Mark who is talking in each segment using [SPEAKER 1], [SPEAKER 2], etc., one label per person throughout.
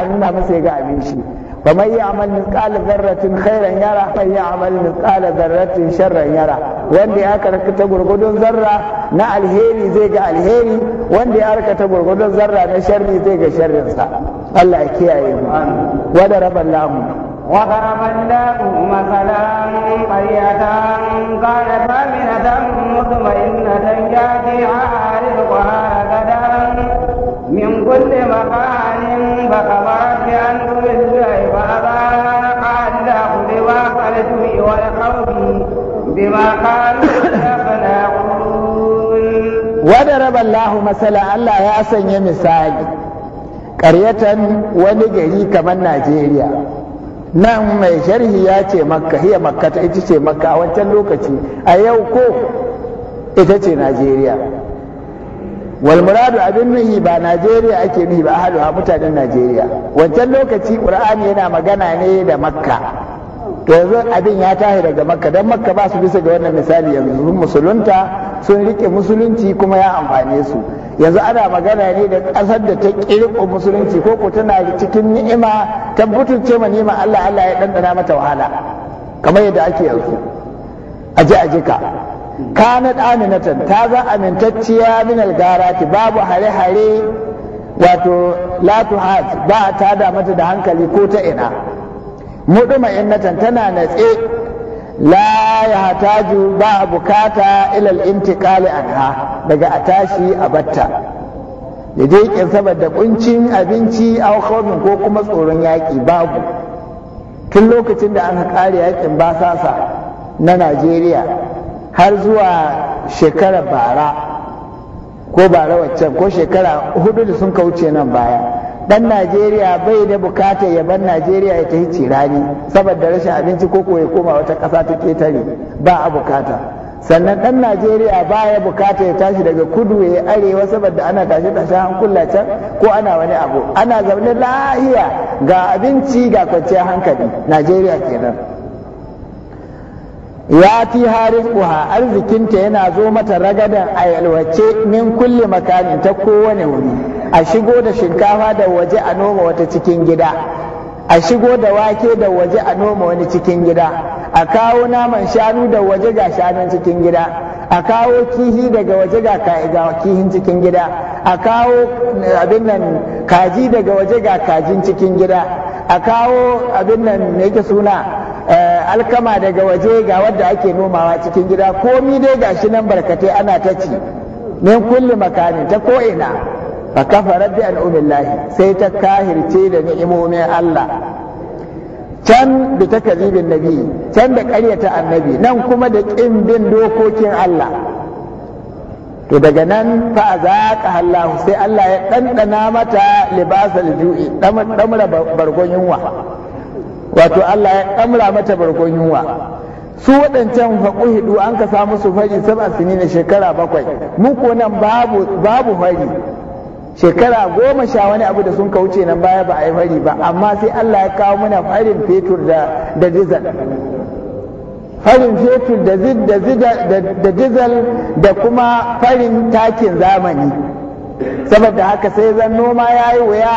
[SPEAKER 1] a nuna masa ya ga abin shi fa mai ya'mal mithqala dharratin khairan yara fa ya'mal mithqala dharratin sharran yara wanda ya ta gurgudun zarra na alheri zai ga alheri wanda ya ta gurgudun zarra na sharri zai ga sharrin sa Allah ya kiyaye mu wa daraba lahu
[SPEAKER 2] وضرب الله مثلا قرية كانت آمنة مطمئنة يأتيها رزقها غدا من كل مكان فقضت أن تضل بعضها قال لأخذ وأخذته ولقومه بما قالوا يقنعون
[SPEAKER 1] وضرب الله مثلا ألا يا سني مثال ƙaryatan wani gari kamar Najeriya nan mai sharhi ya ce makka hiya makka ita ce makka a wancan lokaci a yau ko ita ce Najeriya wal muradu abin nuhi ba Najeriya ake nuhi ba ahaluha mutanen Najeriya wancan lokaci Qur'ani yana magana ne da Makka to yanzu abin ya tahi daga Makka dan Makka ba su bisa ga wannan misali yanzu musulunta sun rike musulunci kuma ya amfane su yanzu ana magana ne da ƙasar da ta ƙirƙo musulunci ko ko tana cikin ni'ima ta butulce ma ni'ima Allah Allah ya ɗanɗana mata wahala kamar yadda ake yanzu aje aje ka kanat aminatan ta za amintacciya min algarati babu hare-hare wato la tuhad ba ta da mata da hankali ko ta ina muduma innatan tana natse la ya hataju ba bukata ilal intiqali anha daga atashi a batta da dai saboda kuncin abinci a ko kuma tsoron yaƙi babu tun lokacin da aka kare yaƙin basasa na najeriya har zuwa shekara bara ko bara waccan ko shekara hudu da sun kauce nan baya dan najeriya bai da bukata ya bar najeriya ya tafi cirani saboda rashin abinci ko ya koma wata ƙasa ta ketare ba a bukata sannan ɗan najeriya ba ya bukata ya tashi daga kudu ya arewa saboda ana tashi tashi hankula can ko ana wani abu ana zaune lahiya ga abinci ga kwanciyar hankali najeriya kenan ya ti harin uha arzikinta yana zo mata ragadan a yalwace min kulle makanin ta kowane wuri a shigo da shinkafa da waje a noma wata cikin gida a shigo da wake da waje a noma wani cikin gida a kawo naman shanu da waje ga shanun cikin gida a kawo kihi daga waje ga kihin cikin gida a kawo abin nan kaji daga waje ga kajin cikin gida a kawo abin nan yake suna Eh, alkama daga waje ga wadda ake nomawa cikin gida komi dai ga shi nan barkatai ana ta ci min kulli makani ta ko'ina. ina fa kafara bi an'amillahi sai ta kahirce da ni'imomin Allah can da ta takazibin nabi can da ƙaryata annabi nan kuma da ƙin bin dokokin Allah to daga nan fa azaqa Allah sai Allah ya dandana mata libasal ju'i ɗamra bargon yunwa wato Allah ya kamra mata barkon yunwa su waɗancan faƙuhidu an ka samu su fari saba sini na shekara bakwai mun ko nan babu babu fari shekara goma sha wani abu da sun wuce nan baya ba a yi fari ba amma sai Allah ya kawo mana farin fetur da da dizal farin fetur da zid da zid da dizal da kuma farin takin zamani saboda haka sai zan noma yayi wuya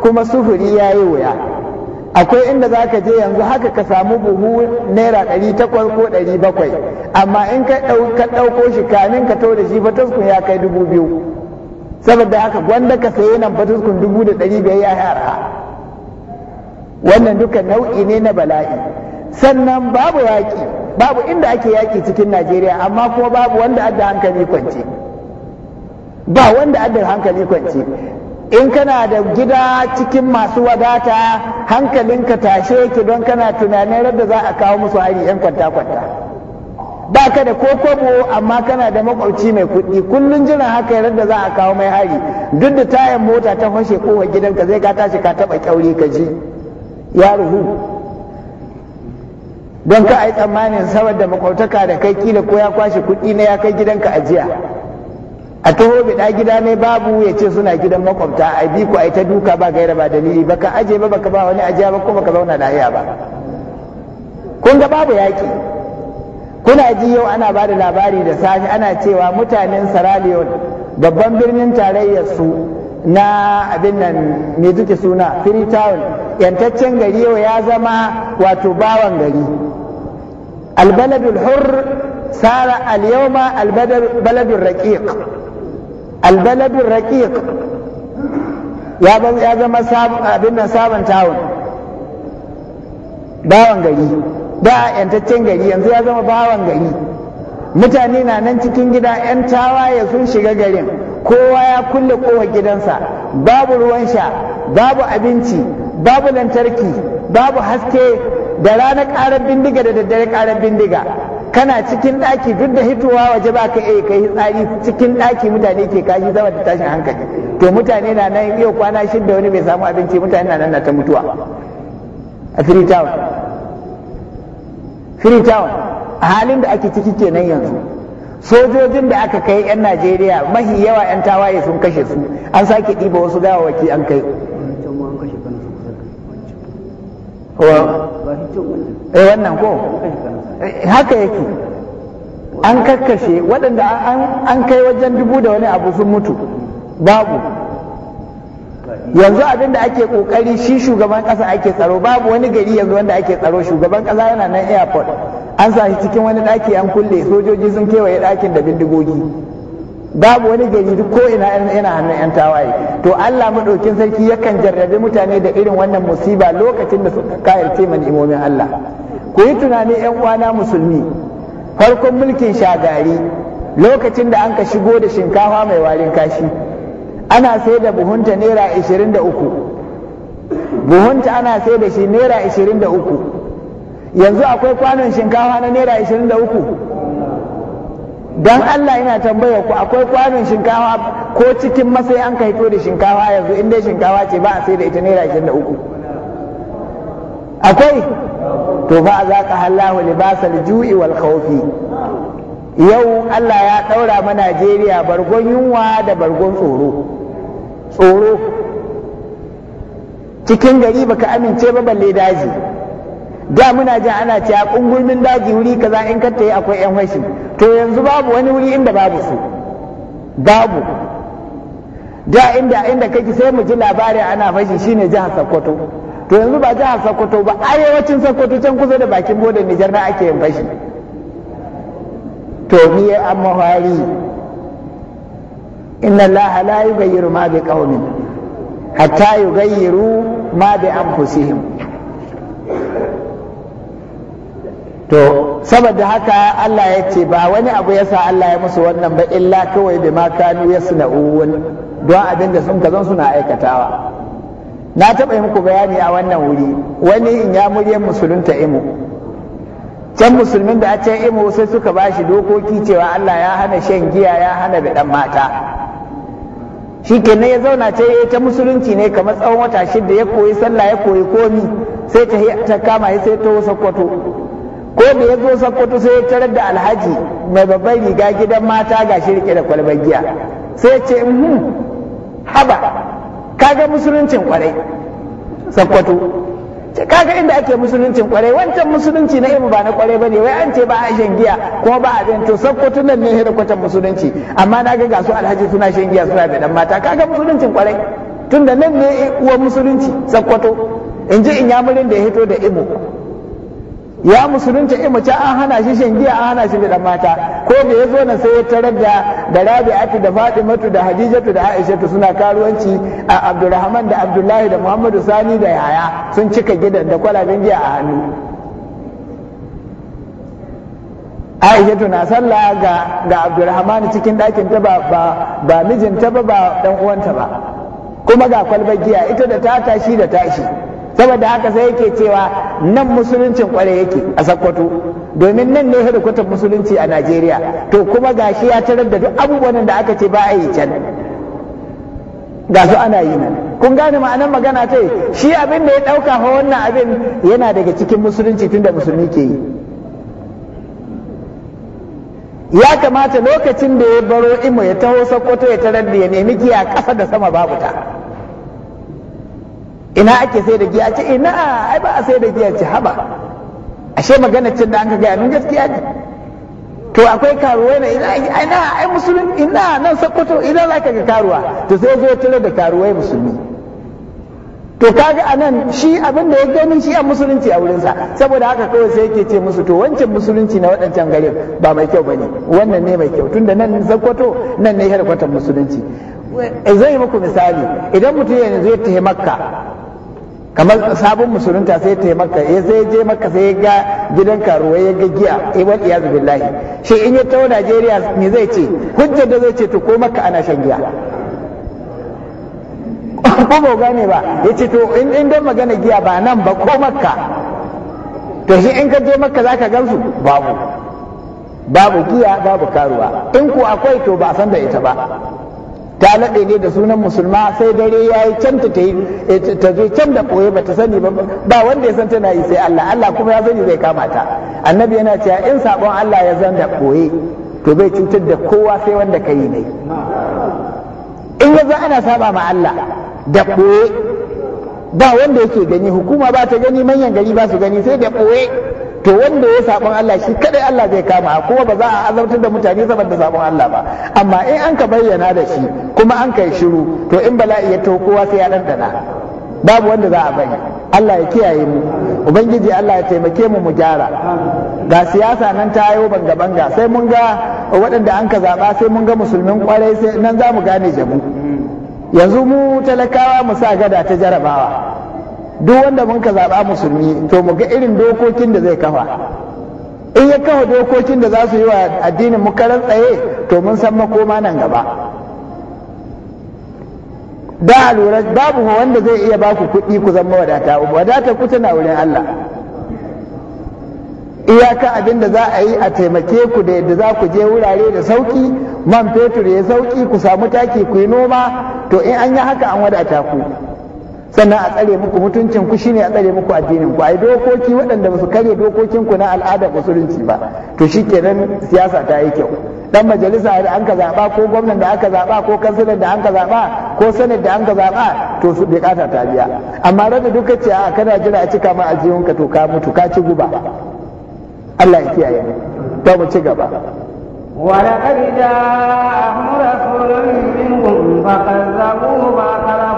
[SPEAKER 1] kuma sufuri yayi wuya akwai inda za ka je yanzu haka ka samu buhu naira ɗari takwas ko ɗari bakwai amma in ka ɗauko shi kamin ka tau da shi fataskun ya kai dubu biyu saboda haka gwanda ka sayi nan fataskun dubu da ɗari biyar ya yara wannan duka nau'i ne na bala'i sannan babu yaƙi babu inda ake yaƙi cikin najeriya amma kuma babu wanda adda hankali kwance ba wanda adda hankali kwance in kana da gida cikin masu wadata hankalinka tashe ki don kana tunanin yadda za a kawo musu hari yan kwanta-kwanta ba ka da kokobo amma kana da makwabci mai kuɗi kullum jiran haka yadda za a kawo mai hari duk da tayan mota ta fashe kowar gidanka zai ka tashi ka taɓa kyauri ka ji ya ruhu don ka ai yi tsammanin saboda makwabtaka da kai kila ko ya kwashe kuɗi na ya kai gidanka ajiya a taho da gida ne babu ya ce suna gidan makwabta a bi ku a ta duka ba gaira ba dalili baka aje ba baka ba wani ajiya ba ko baka zauna da ba kun ga babu yaƙi kuna ji yau ana ba da labari da safe ana cewa mutanen Sierra babban birnin tarayyar su na abin nan me duke suna Freetown yantaccen gari yau ya zama wato bawan gari albaladul Hur, sara al-yawma albaladul raqiq albaladun raƙiƙ ya zama abin nan sabon tawon bawan gari da yantaccen gari yanzu ya zama bawan gari mutane na nan cikin gida 'yan tawa ya sun shiga garin kowa ya kulle kowa gidansa babu ruwan sha babu abinci babu lantarki babu haske da rana ƙarar bindiga da daddare ƙarar bindiga kana cikin ɗaki duk da hitowa waje ba ka iya kai tsari cikin ɗaki mutane ke kashi zama da tashin hankali to mutane na nan iya kwana shidda wani bai samu abinci mutane na nan na ta mutuwa a freetown freetown a halin da ake ciki kenan yanzu sojojin da aka kai 'yan najeriya mahi yawa 'yan tawaye sun kashe su an sake ɗiba wasu gawawaki an kai eh, wannan ko Eh, haka yake
[SPEAKER 2] an kakkashe
[SPEAKER 1] waɗanda an kai wajen dubu da wani abu sun mutu babu yanzu abinda ake kokari shi shugaban ƙasa ake tsaro babu wani gari yanzu wanda ake tsaro shugaban ƙasa yana nan airport an sa shi cikin wani ɗaki an kulle sojoji sun kewaye ɗakin da bindigogi babu wani gari duk ko ina yana hannun yan tawaye to Allah madaukin sarki yakan jarrabe mutane da irin wannan musiba lokacin da suka kayarce man imomin Allah ku yi tunani yan uwana musulmi farkon mulkin shagari lokacin da an ka shigo da shinkafa mai warin kashi ana sai da buhunta naira 23 buhunta ana sai da shi naira 23 yanzu akwai kwanon shinkafa na naira 23 don Allah yana tambaya ku akwai kwanon shinkafa ko cikin masai an ka hito da shinkafa yanzu inda shinkafa ce ba a sai da ita naira 23 akwai to ba za ka hallahu libasal ju'i wal khawfi yau Allah ya ɗaura ma Najeriya bargon yunwa da bargon tsoro tsoro cikin gari baka amince ba balle daji da muna jin ana cewa kungulmin daji wuri kaza in ka tayi akwai yan fashi to yanzu babu wani wuri inda babu su babu da inda inda kake sai mu ji labarin ana fashi shine jihar Sokoto to yanzu ba jihar sokoto ba arewacin sokoto can kusa da bakin bodin nijar na ake yin fashi to biye an mahari inna allaha la yughayyiru ma bi qaumin hatta yughayyiru ma bi anfusihim to saboda haka Allah ya ce ba wani abu yasa Allah ya musu wannan ba illa kawai bi ma kanu yasna'un don abin da sun kazan suna aikatawa na taɓa yi muku bayani a wannan wuri wani in ya murya musulunta imo can musulmin da a can imo sai suka ba shi dokoki cewa Allah ya hana shan giya ya hana da ɗan mata shi kenan ya zauna ce ya ta musulunci ne kamar tsawon wata shida ya koyi sallah ya koyi komi sai ta ta kama ya sai ta sakkwato ko da ya zo sakkwato sai ya tarar da alhaji mai babban riga gidan mata ga shi rike da kwalbar giya sai ce uhm, haba kaga musuluncin kwarai sakkwato kaga inda ake musuluncin kwarai wancan musulunci na imu ba na kwarai bane wai an ce ba a shan giya ko ba abin to sakkwato nan ne da kwatan musulunci amma na ga gasu alhaji suna shan giya suna da dan mata kaga musuluncin kwarai tunda nan ne uwar musulunci sakkwato in ji in yamurin da ya hito da imu ya musulunci imu can an hana shi shan giya an hana shi da mata ko da ya zo na sai ya tarar da da rabi'atu da fatimatu da hadijatu da aishatu suna karuwanci a abdurrahman da abdullahi da muhammadu sani da yaya sun cika gidan da kwalaben giya a hannu aishatu na sallah ga ga abdurrahman cikin ɗakin ta ba ba mijinta ba ba dan uwanta ba kuma ga kwalbar giya ita da ta tashi da tashi saboda haka sai yake cewa nan musuluncin kware yake a sakkwato domin nan ne hedikwatar musulunci a najeriya to kuma gashi ya tarar da duk abubuwan da aka ce ba a yi can ga su ana yi nan kun gane ma'anar magana ta shi abin da ya ɗauka fa wannan abin yana daga cikin musulunci tunda musulmi ke yi ya kamata lokacin da ya baro imo ya taho sakkwato ya tarar da ya nemi giya ƙasa da sama babu ta ina ake sai da giya ce ina ai ba a sai da giya ce haba ashe magana cin da an ka gaya gaskiya ne to akwai karuwa na ina ina ai musulun ina nan sakkwato ina za ka ga karuwa to sai zo tare da karuwai musulmi to kaga anan shi abin da ya gani shi a musulunci a wurinsa saboda haka kawai sai yake ce musu to wancan musulunci na waɗancan garin ba mai kyau bane wannan ne mai kyau tunda nan sakkwato nan ne harkwatan musulunci zai muku misali idan mutum yanzu ya tafi makka kamar sabon musulunta sai ta makka ya sai je makka sai ya ga gidan karuwa ya ga giya ibn iyaz billahi shi in ya tawo Najeriya ne zai ce hujjar da zai ce to ko makka ana shan giya ko ba gane ba Ya ce to in don dan magana giya ba nan ba ko makka to shi in ka je makka ka gansu babu babu giya babu karuwa in ko akwai to ba san da ita ba ta ne da sunan musulma sai dare ya yi can ta eh, ta ta je can da ɓoye ba ta sani ba ba wanda ya san tana yi sai Allah Allah kuma ya sani zai kama ta annabi yana cewa in sabon Allah ya zan da ɓoye to bai cutar da kowa sai wanda ka yi ne in ya za ana saba ma Allah da ɓoye ba wanda yake gani hukuma ba ta gani manyan gari ba su gani sai da ɓoye to wanda ya sabon Allah shi kadai Allah zai kama kuma ba za a azabtar da mutane saboda sabon Allah ba amma in an ka bayyana da shi kuma an kai shiru to in bala'i ya to kowa sai ya dandana babu wanda za a bari Allah ya kiyaye mu ubangiji Allah ya taimake mu mu gyara ga siyasa nan ta yo banga banga sai mun ga waɗanda an ka zaba sai mun ga musulmin kwarai sai nan za mu gane jamu yanzu mu talakawa mu sa gada ta jarabawa duk wanda mun ka zaɓa musulmi to mu ga irin dokokin da zai kafa in ya kafa dokokin da za su yi wa addinin mu karan tsaye to mun san makoma nan gaba da lura babu wanda zai iya ba ku kuɗi ku zama wadata wadata ku tana wurin Allah iyaka abin da za a yi a taimake ku da yadda za ku je wurare da sauki man fetur ya sauki ku samu taki ku yi noma to in an yi haka an wadata ku sannan a tsare muku mutuncin ku shine a tsare muku addinin ku ai dokoki waɗanda ba su karya dokokin ku na al'ada musulunci ba to shikenan siyasa ta yi kyau dan majalisa da an ka zaba ko gwamnan da aka zaba ko kansilan da an ka zaba ko sanar da an ka zaba to su bukata ta biya amma rabi duka ce a kana jira a cika ma aljihun ka to ka mutu ka ci guba Allah ya kiyaye to mu ci gaba
[SPEAKER 2] ولقد جاءهم رسول منهم ba فأخذهم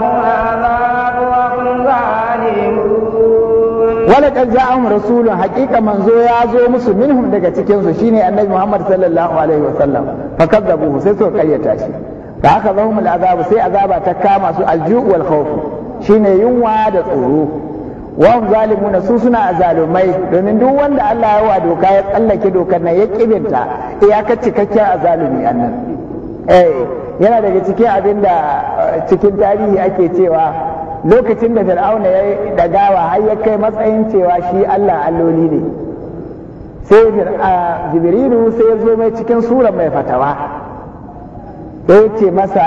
[SPEAKER 1] wala kan ja'ahum rasulun haƙiƙa manzo ya zo musu minhum daga cikinsu su shine annabi Muhammad sallallahu alaihi wasallam fa buhu sai suka kayyata shi fa haka zahum al'azabu sai azaba ta kama su alju wal khawf shine yunwa da tsoro wa hum zalimuna su suna azalumai domin duk wanda Allah ya wa doka ya tsallake dokar nan ya kibinta iyakar cikakken azalumi annan eh yana daga cikin abinda cikin tarihi ake cewa lokacin da fir'auna ya dagawa har ya kai matsayin cewa shi Allah alloli ne sai jibrilu sai ya zo mai cikin sura mai fatawa ya ce masa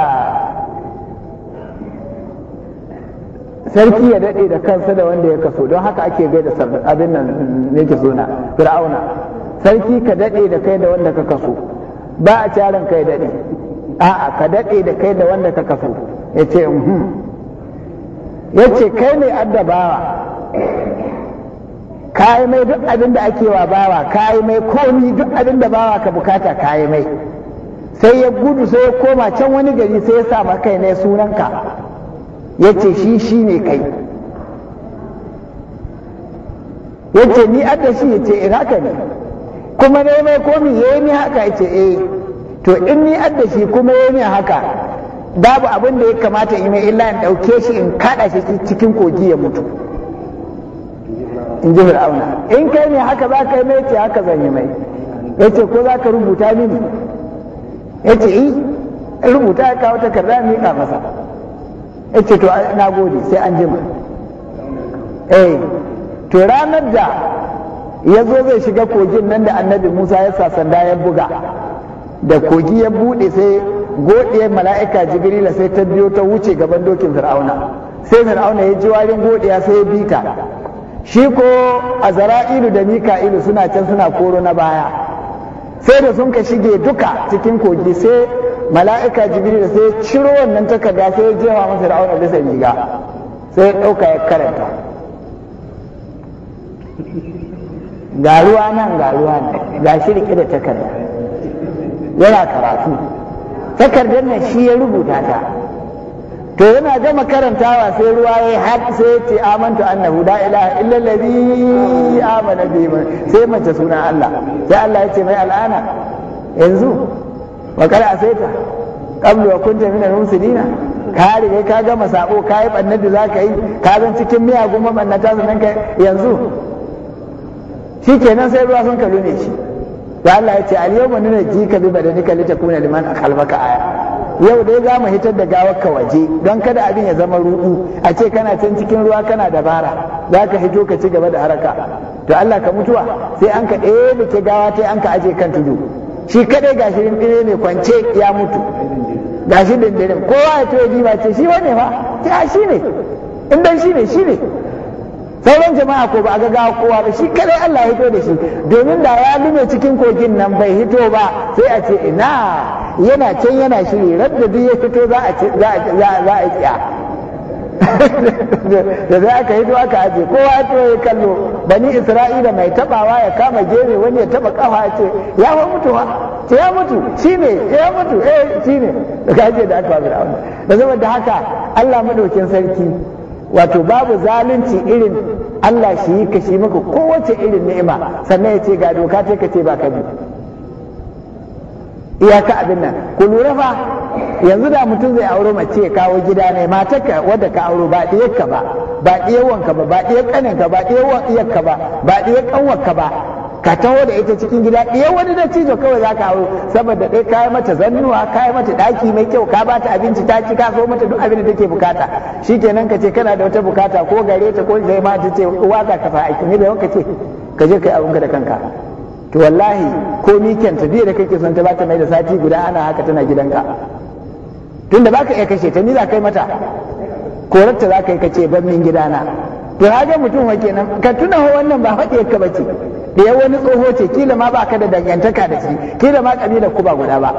[SPEAKER 1] sarki ya daɗe da kansa da wanda ya kaso don haka ake da abin nan ne ke suna fir'auna sarki ka daɗe da kai da wanda ka kaso ba a carin kai daɗe a'a ka daɗe da kai da wanda ka kaso ya ce uhm. ya ce kai ne adda bawa yi mai duk abin da ake wa bawa yi mai komi duk abin da bawa ka bukata yi mai sai ya gudu sai ya koma can wani gari sai ya sa kai ne sunanka ya ce shi shi ne kai ya ce ni adda shi ya ce in eh haka ne kuma ne mai komi ya yi ni haka ya ce eh to in ni adda shi kuma ya yi ni haka babu abin da ya kamata in mai illa in ɗauke shi in kaɗa shi cikin kogi ya mutu in ji fir'auna in kai ne haka za ka yi mai ce haka zan yi mai ya ce ko za ka rubuta mini ya ce yi eh. rubuta ya kawo takarda mai ka masa ya ce to na gode sai an jima eh to ranar da ya zo zai shiga kogin nan da annabi musa ya sa sanda ya buga da kogi ya buɗe sai Goɗiyar mala'ika jibrila sai ta biyo ta wuce gaban dokin fir'auna sai fir'auna ya ji warin godiya sai ya bita, ta shi ko azra'ilu da mika'ilu suna can suna koro na baya sai da sun ka shige duka cikin kogi sai mala'ika jibrila sai ciro wannan takarda sai ya jefa masa fir'auna bisa riga sai ya ɗauka ya karanta ga ruwa nan ga ruwa nan ga shirki da takarda yana karatu takardar nan shi ya rubuta ta to yana gama karantawa sai ruwa ya har sai ya ce amantu annahu la ilaha illa allazi amana bi sai mace suna Allah sai Allah ya ce mai al'ana yanzu wa kada asaita qablu wa kunta al muslimina ka riga ka gama sabo ka yi bannar da zaka yi ka zan cikin miyagun mabannata sannan ka yanzu shikenan sai ruwa sun kalu ne shi da Allah ya ce al yawma ka bi lita na liman khalfaka aya yau dai za mu hitar da gawar ka waje don kada abin ya zama ruɗu a ce kana can cikin ruwa kana dabara za ka hito ka ci gaba da haraka to Allah ka mutuwa sai an ka ɗebe ke gawa ta an ka aje kan tudu shi kadai gashi dire ne kwance ya mutu gashi dire kowa ya to ya ce shi wane ba ta shi ne in dan shi ne shi ne sauran jama'a ko ba a ga kowa ba shi kadai Allah ya hito da shi domin da ya lume cikin kogin nan bai hito ba sai a ce ina yana can yana shiri da duk ya fito za a za a tsiya da za aka hito aka aje kowa ya to ya kallo bani isra'ila mai tabawa ya kama gere wani ya taba kafa ya ce ya fa mutuwa ce ya mutu shi ne ya mutu eh shi ne da kaje da aka ba da da haka Allah madaukin sarki wato babu zalunci irin Allah shi yi ka shi maka kowace irin ni'ima sannan ya ce ga doka ce ka ce ba ka bi iyaka abin nan ku lura fa yanzu da mutum zai auro mace ya kawo gida ne matarka wadda ka auro ba ka ba ba ɗiyar wanka ba ba ɗiyar ƙaninka ba ɗiyar ba ba ɗiyar ba ka taho da ita cikin gida ɗaya wani da cizo kawai za ka hau saboda ɗaya ka yi mata zannuwa ka yi mata ɗaki mai kyau ka bata abinci ta ci ka so mata duk abin da take bukata kenan ka ce kana da wata bukata ko gare ta ko zai ma ta ce uwa ga ka sa aiki ne bai ka ce ka je ka yi abinka da kanka to wallahi ko miken ta biye da kake son ta bata mai da sati guda ana haka tana gidanka tunda baka iya kashe ta ni za ka yi mata korarta za ka yi ka ce ban min gidana to haka mutum wa kenan ka tuna wannan ba faɗi ka bace da eh, wani tsoho ce kila ma ba ka da dangantaka da shi kila ma kabilar ku ba guda ba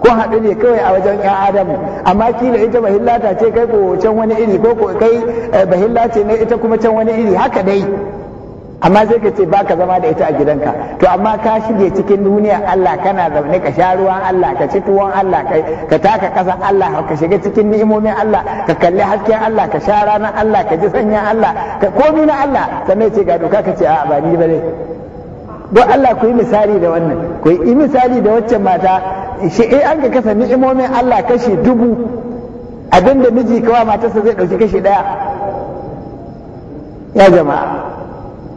[SPEAKER 1] ko haɗu ne kawai a wajen ƴan adamu amma kila ita bahillata ce kai ko can wani iri ko ko kai eh, bahilla ce ne ita kuma can wani iri haka dai amma sai ka ce ba ka zama da ita a gidanka to amma ka shige cikin duniya Allah kana zaune ka sha ruwan Allah ka ci tuwon Allah ka taka ƙasa Allah ka shiga cikin ni'imomin Allah ka kalli hasken Allah ka sha ranar Allah ka ji sanyin Allah ka komi na Allah sannan ce ga doka ka ce a ba ni ba don Allah ku yi misali da wannan ku yi misali da waccan mata shi in an ga kasa ni'imomin Allah kashi dubu abinda miji kawa matarsa zai ɗauki kashi ɗaya ya jama'a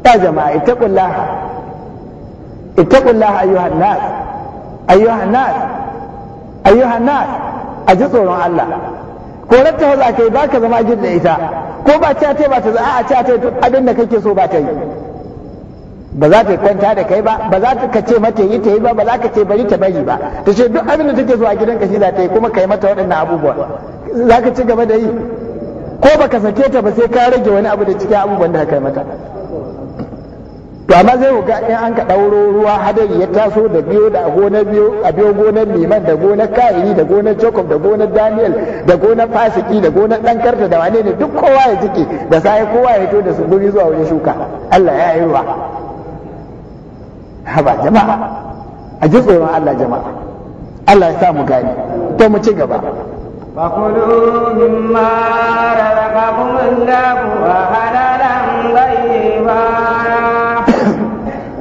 [SPEAKER 1] ya jama'a ittaqullaha ittaqullaha ayyuhan nas ayyuhan nas ayyuhan nas a ji tsoron Allah ko ratta za ka yi baka zama jin da ita ko ba ta ta ba ta za a ta ta abin da kake so ba ta yi ba za ta kwanta da kai ba ba za ka ce mata yi ta yi ba ba za ka ce bari ta bari ba ta ce duk abin da take zuwa ka shi za ta yi kuma kai mata waɗannan abubuwa za ka ci gaba da yi ko ba ka sake ta ba sai ka rage wani abu da cikin abubuwan da ka kai mata to amma zai ga in an ka ɗauro ruwa hadari ya taso da biyo da gona biyo a biyo gonar liman da gonar ka'iri da gonar jacob da gonar daniel da gonar fasiki da gonar dan karta da wane ne duk kowa ya jike da sai kowa ya fito da su guri zuwa wajen shuka Allah ya yi ruwa haba jama'a a ji tsoron Allah jama'a Allah ya samu gani, to mu ci gaba
[SPEAKER 2] فكلوا مما رزقكم الله حلالا طيبا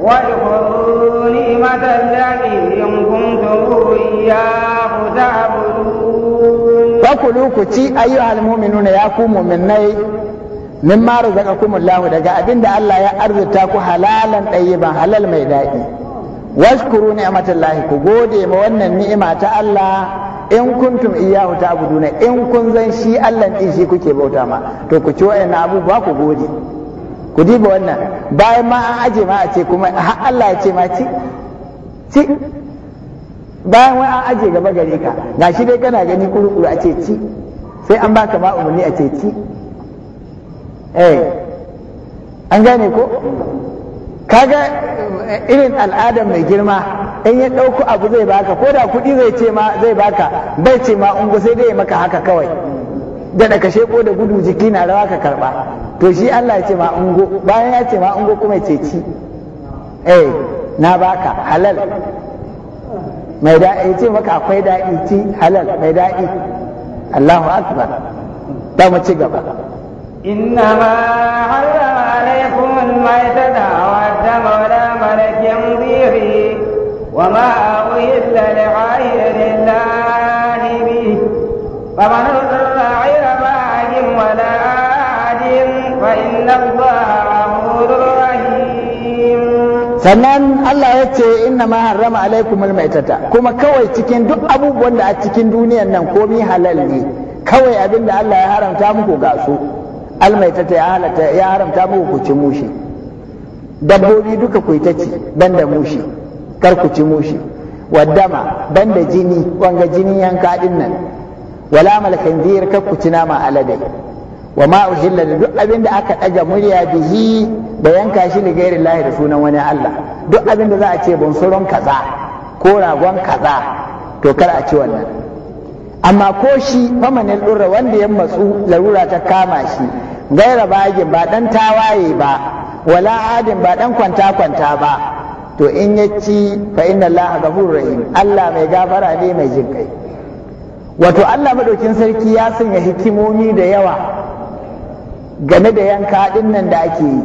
[SPEAKER 2] واذكروا نعمة التي كنتم إياه تعبدون
[SPEAKER 1] فكلوا كتي أيها المؤمنون يا min ma razaqakumullahu daga abinda Allah ya arzuta ku halalan ɗayyiban halal mai daɗi washkuru ni'matallahi ku gode ma wannan ni'ima ta Allah in kuntum iyyahu ta'buduna in kun zan shi Allah din shi kuke bauta ma to ku ci wayannan abubuwa ku gode ku diba wannan bayan ma an aje ma a ce kuma har Allah ya ce ma ci ci bayan wani an aje gaba gare ka gashi dai kana gani kuru a ce ci sai an baka ma umarni a ce ci eh an gane ko kaga eh, irin al'adar mai girma in ya ɗauko abu zai baka ko da kuɗi zai ce ma zai baka bai ce ma ungo sai dai maka haka kawai da da kashe da gudu jiki na rawa ka karba to shi Allah ya ce ma ungo bayan ya ce ma ungo kuma ya ceci eh na baka halal mai da'i ce maka akwai da'i ci halal mai da'i Allahu akbar ta mu ci gaba
[SPEAKER 2] إنما حرم عليكم الميتة والدم ولام لكم ضيفي وما أهل لغير الله به فمن اضطر غير باغ ولا عاد فإن الله غفور رحيم
[SPEAKER 1] sannan Allah ya ce inna ma harrama alaikum maitata kuma kawai cikin duk abubuwan da a cikin duniyan nan komi halal ne kawai abin da Allah ya haramta muku ga su almaita ta halatta ya haramta muku ku ci mushi dabbobi duka ku ta ci banda mushi kar ku ci mushi waddama banda jini wanga jini yanka din nan wala mal khanzir kar ku ci nama alade wa ma uhilla duk abin da aka daga murya bihi ba yanka shi ne gairin lahi da sunan wani Allah duk abin da za a ce bunsurun kaza ko ragon kaza to kar a ci wannan amma ko shi famanin lura wanda ya matsu larura ta kama shi gaira bagin ba dan tawaye ba wala adin ba dan kwanta kwanta ba to in ya ci fa inna allaha ghafurur rahim Allah mai gafara ne mai jin kai wato Allah madaukin sarki ya sanya hikimomi da yawa game da yanka din nan da ake yi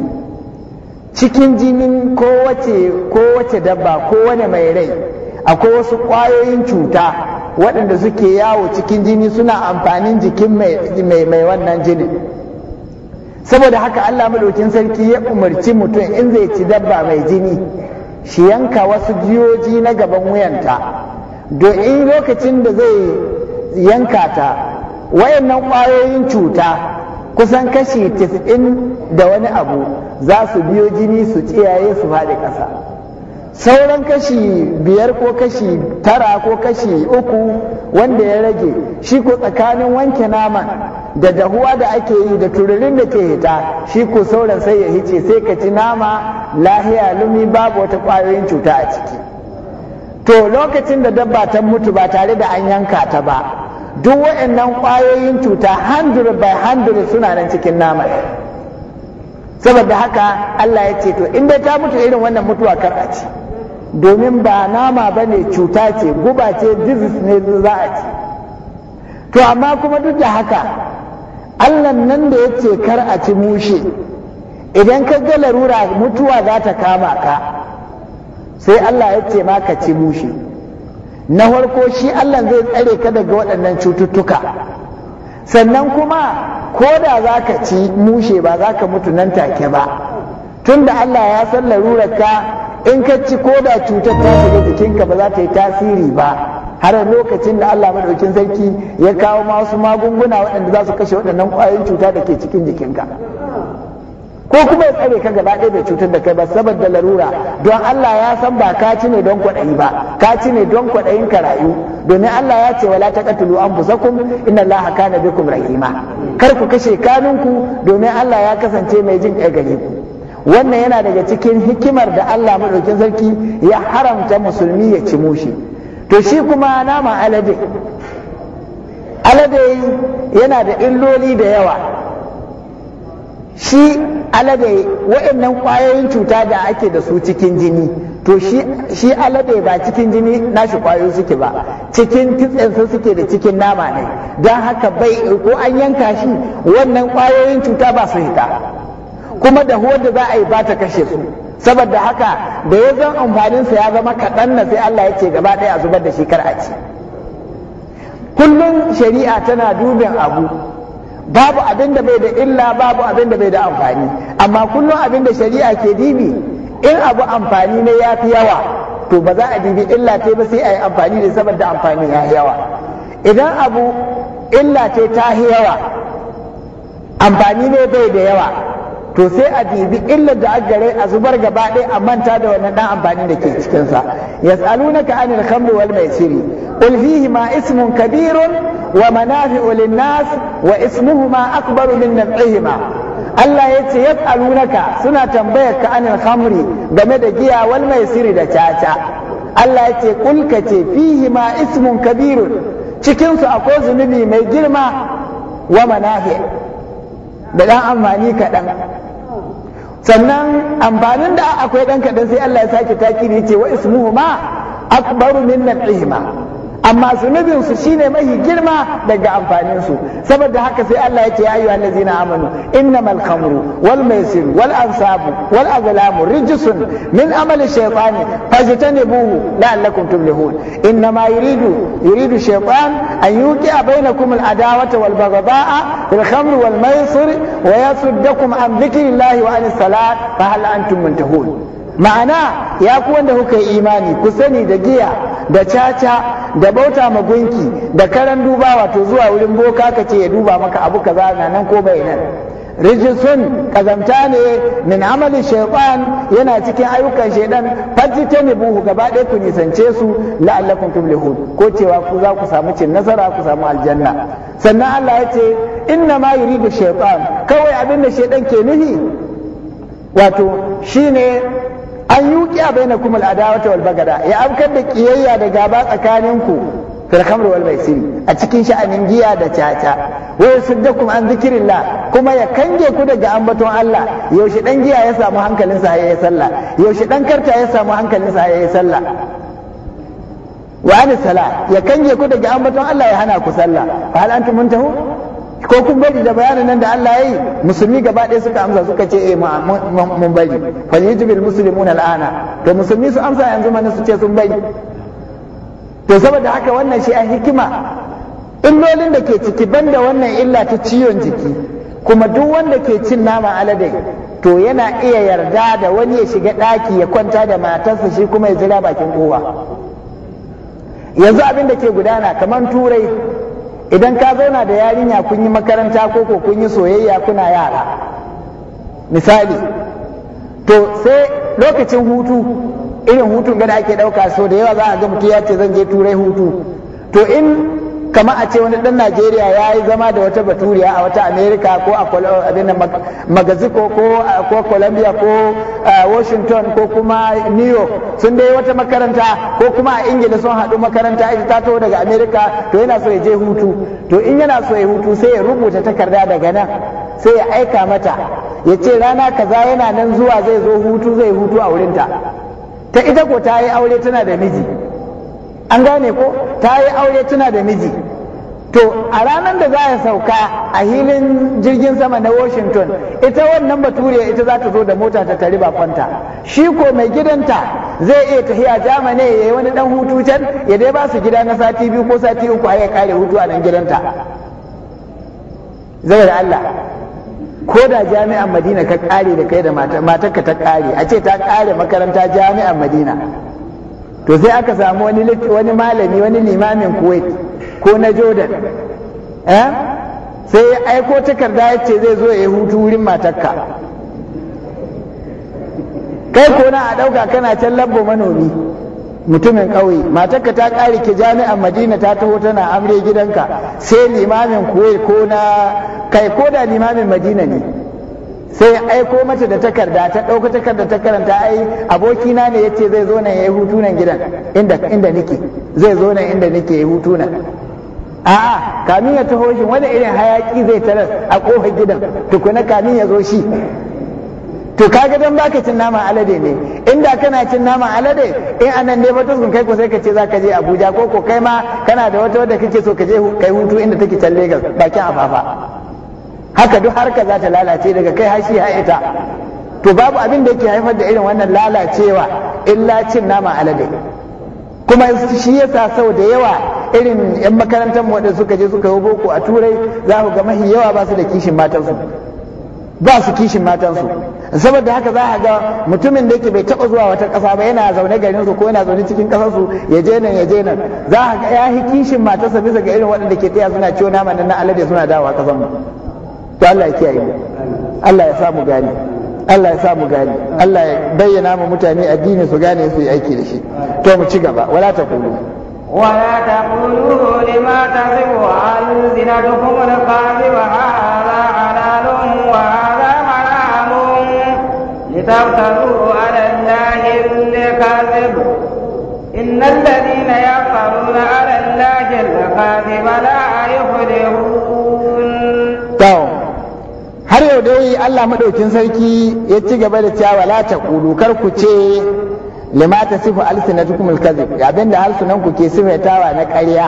[SPEAKER 1] cikin jinin kowace kowace dabba kowane mai rai akwai wasu kwayoyin cuta waɗanda suke yawo cikin jini suna amfanin jikin mai wannan jini saboda haka Allah madaukin sarki ya umarci mutum in zai ci dabba mai jini shi yanka wasu jiyoji na gaban wuyanta domin lokacin da zai yanka ta wayannan ƙwayoyin cuta kusan kashi 90 da wani abu za su biyo jini su tsiyaye su faɗi ƙasa sauran kashi biyar ko kashi tara ko kashi uku wanda ya rage shi ko tsakanin wanke nama da dahuwa da ake yi da tururin da ke hita shi ko sauran sai ya hice sai ka ci nama lahiya lumi babu wata kwayoyin cuta a ciki to lokacin da dabba ta mutu ba tare da an yanka ta ba duk nan ƙwayoyin cuta hundred by hundred suna nan cikin nama saboda haka Allah ya ce to in dai ta mutu irin wannan mutuwa kar a ci domin ba nama ba ne cuta ce guba ce disease ne za a ci to amma kuma duk da haka allan nan da ya ce kar a ci mushe idan ka ga larura mutuwa za ta kama ka sai allah ya ce ma ka ci mushe na farko shi allah zai tsare ka daga waɗannan cututtuka sannan kuma ko da za ka ci mushe ba za ka mutu nan take ba tunda allah ya san ka. in ka ci ko da cutar ta shiga jikinka ba za ta yi tasiri ba har lokacin da Allah madaukin sarki ya kawo ma wasu magunguna waɗanda za su kashe waɗannan ƙwayoyin cuta da ke cikin jikinka ko kuma ya tsare ka gaba ɗaya da cutar da kai ba saboda larura don Allah ya san ba ka ci ne don kwaɗayi ba ka ci ne don kwaɗayin ka rayu domin Allah ya ce wala taqatulu anfusakum inna Allaha kana bikum rahima kar ku kashe kanunku domin Allah ya kasance mai jin ƙai gare ku wannan yana daga cikin hikimar da Allah madaukin sarki ya haramta musulmi ya ci mushi to shi kuma nama alade alade yana da illoli da yawa shi alade waɗannan ƙwayoyin cuta da ake da su cikin jini to shi alade ba cikin jini nashi ƙwayoyi suke ba cikin kitsensa suke da cikin nama ne don haka bai ko an yanka shi wannan ƙwayoyin cuta ba su hita kuma da da za a yi ba ta kashe su saboda haka da ya zan amfaninsa ya zama kaɗan na sai Allah ya ce gaba ɗaya a zubar da shi kar a ci kullum shari'a tana dubin abu babu abin da bai da illa babu abin da bai da amfani amma kullum abin da shari'a ke dibi in abu amfani ne ya fi yawa to ba za a dibi illa ce ba sai a yi amfani da saboda amfani ya yawa idan abu illa ce ta yawa amfani ne bai da yawa to sai a dibi illar da aggare a zubar gaba ɗaya a manta da wannan dan amfani da ke cikinsa. sa yas'alunaka anil khamri wal mai siri. Ulfihi ma ismun kabirun wa manafi lin-nas wa ma akbaru min naf'ihima Allah ya ce yas'alunaka suna tambayar ka anil khamri game da giya wal siri da caca Allah ya ce kul ka ce fihi ma ismun kabirun cikinsu akwai zunubi mai girma wa manafi da dan amfani kaɗan sannan amfanin da akwai ɗan kaɗan sai Allah ya sake takiri ce wa ismuhuma akbaru min nafihima amma zunubinsu su shine mahi girma daga amfaninsu, saboda haka sai Allah yake ya ayyuha allazina amanu innamal khamru wal maisir wal ansabu wal azlamu rijsun min amali shaytani fajtanibuhu la'allakum tuflihun innama yuridu yuridu shaytan an yuqi'a bainakum al adawata wal baghdha'a fil khamr wal maisir wa yasuddakum an dhikrillahi wa anis salat fa hal antum muntahun ma'ana ya ku wanda kuka yi imani ku sani da giya da caca da bauta ma gunki da karan duba wato zuwa wurin boka ka ce ya duba maka abu kaza na nan ko bai nan rijisun kazamta ne min amalin shaitan yana cikin ayyukan shaiɗan, fajji ta buhu gaba ɗaya ku nisance su la'allakum tuflihun ko cewa ku za ku samu cin nasara ku samu aljanna sannan Allah ya ce inna ma yuridu shaitan kawai abin da ke nufi wato shine an yuki a baina kuma al'adawata wal bagada ya afkar da kiyayya da gaba tsakanin ku fil khamr wal a cikin sha'anin giya da caca wa yasuddakum an zikrillah kuma ya kange ku daga ambaton Allah yaushe dan giya ya samu hankalin sa yayi sallah yaushe dan karta ya samu hankalin sa yayi sallah wa an sala ya kange ku daga ambaton Allah ya hana ku sallah fa hal antum muntahu ko kun bari da bayanin nan da Allah yayi musulmi gaba ɗaya suka amsa suka ce eh mun bari fa yajibil muslimuna al'ana to musulmi su amsa yanzu mana su ce sun bari to saboda haka wannan shi a hikima illolin da ke ciki banda wannan illa ta ciwon jiki kuma duk wanda ke cin nama alade to yana iya yarda da wani ya shiga ɗaki ya kwanta da matarsa shi kuma ya jira bakin kowa yanzu abin da ke gudana kamar turai idan ka zauna da yarinya kun yi makaranta ko ko kun yi soyayya kuna yara misali to sai lokacin hutu irin hutun gada ake ɗauka so da yawa za a ga mutum ya ce zan je turai hutu to in kama a ce wani dan Najeriya ya yi zama da wata baturiya a wata Amerika ko a abin Magaziko ko ko ko Washington ko kuma New York sun dai wata makaranta ko kuma a Ingila sun haɗu makaranta ita ta taho daga Amerika to yana so ya je hutu to in yana so ya hutu sai ya rubuta takarda daga nan sai ya aika mata ya ce rana kaza yana nan zuwa zai zo hutu zai hutu a wurinta ta ita ko ta yi aure tana da miji an gane ko ta yi aure tuna da miji to a ranar da za a sauka a hilin jirgin sama na washington ita wannan baturiya ita za ta zo da mota ta tari bakonta shi ko mai gidanta zai iya tafiya jamani ya yi wani dan hutu can ya dai ba su gida na sati biyu ko sati uku ya kare hutu a nan gidanta zai da allah ko da jami'an madina ka kare da kai da matarka ta kare a ce ta kare makaranta jami'an madina to sai aka samu wani malami wani limamin kuwait ko na jordan eh? sai ya aiko takarda ya ce zai zo ya yi hutu wurin matakka kai ko na a ɗauka kana can labbo manomi mutumin ƙauye Matakka ta ƙare ki jami'an madina ta taho tana amre gidanka sai limamin kuwait ko na kai ko da limamin madina ne sai ya aiko mata da takarda ta ɗauka takarda ta karanta ai abokina ne yace zai zo nan yayi hutu nan gidan inda inda nake zai zo nan inda nake yayi hutu nan a'a kamin ya taho shi wani irin hayaki zai tare a kofar gidan tukuna kamin ya zo shi to kaga dan baka cin nama alade ne inda kana cin nama alade in anan ne batun kai ko sai ka ce zaka je Abuja ko ko kai ma kana da wata wadda kake so ka je kai hutu inda take can Lagos bakin afafa haka duk harka za ta lalace daga kai hashi ha ita to babu abin da yake haifar da irin wannan lalacewa illa cin nama alade kuma shi yasa sau da yawa irin yan makarantar mu da suka je suka yi boko a turai za ku ga mahi yawa ba su da kishin matansu ba su kishin matansu saboda haka za a ga mutumin da yake bai taba zuwa wata kasa ba yana zaune garin su ko yana zaune cikin ƙasar su ya je nan ya je nan za a ga ya kishin matarsa bisa ga irin waɗanda ke taya suna ciwo nama nan na alade suna dawa kasar mu to Allah ya kiyaye mu Allah ya sa mu gane Allah ya sa mu gane Allah ya bayyana mu mutane addini su gane su yi aiki da shi to mu ci gaba wala ta taqulu
[SPEAKER 2] ولا تقولوا لما تصف ألسنتكم الكاذب هذا حلال وهذا حرام لتفتروا على الله الكاذب إن الذين يفترون على الله الكاذب لا يفلحون
[SPEAKER 1] har yau dai Allah madaukin sarki ya ci gaba da cewa la taqulu kar ku ce lima tasifu alsinatukum alkazib abin da halsunan ku ke sifaitawa na ƙarya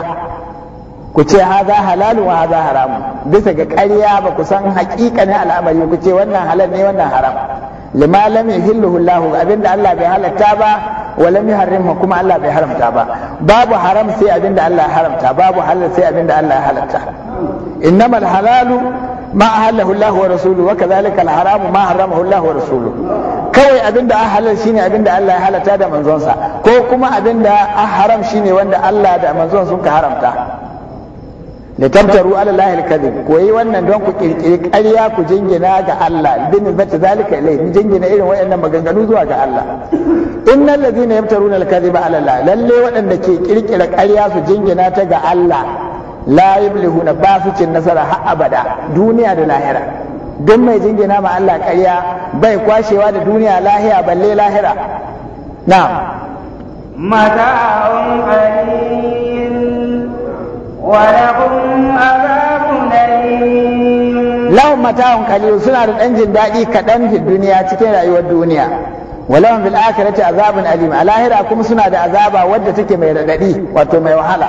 [SPEAKER 1] ku ce haza halalu wa haza haramu bisa ga ƙarya ba ku san haƙiƙanin al'amari ku ce wannan halal ne wannan haram lima lam yuhilluhu Allah abinda Allah bai halatta ba wa lam yuharrimhu kuma Allah bai haramta ba babu haram sai abinda Allah ya haramta babu halal sai abinda Allah ya halatta innamal halalu ma ahallahu Allah wa rasuluhu wa kadhalika al-haramu ma haramahu Allah wa rasuluhu kawai abinda an halal shine abinda Allah ya halata da manzonsa ko kuma abinda an haram shine wanda Allah da manzon sun ka haramta da tabtaru ala Allah al-kadhib koyi wannan don ku kirkiri ƙarya ku jingina ga Allah bin bata zalika ilai jingina irin waɗannan maganganu zuwa ga Allah innal ladina yabtaruna al ala Allah lalle waɗanda ke kirkira ƙarya su jingina ta ga Allah la yublihuna ba su cin nasara har abada duniya da lahira don mai jingina ma Allah kariya bai kwashewa da duniya lahiya balle lahira na
[SPEAKER 2] mata'un qalil wa lahum azabun alim
[SPEAKER 1] lahum mata'un qalil suna da dan jin daɗi kaɗan fi duniya cikin rayuwar duniya walahum bil akhirati azabin alim a lahira kuma suna da azaba wadda take mai raɗaɗi wato mai wahala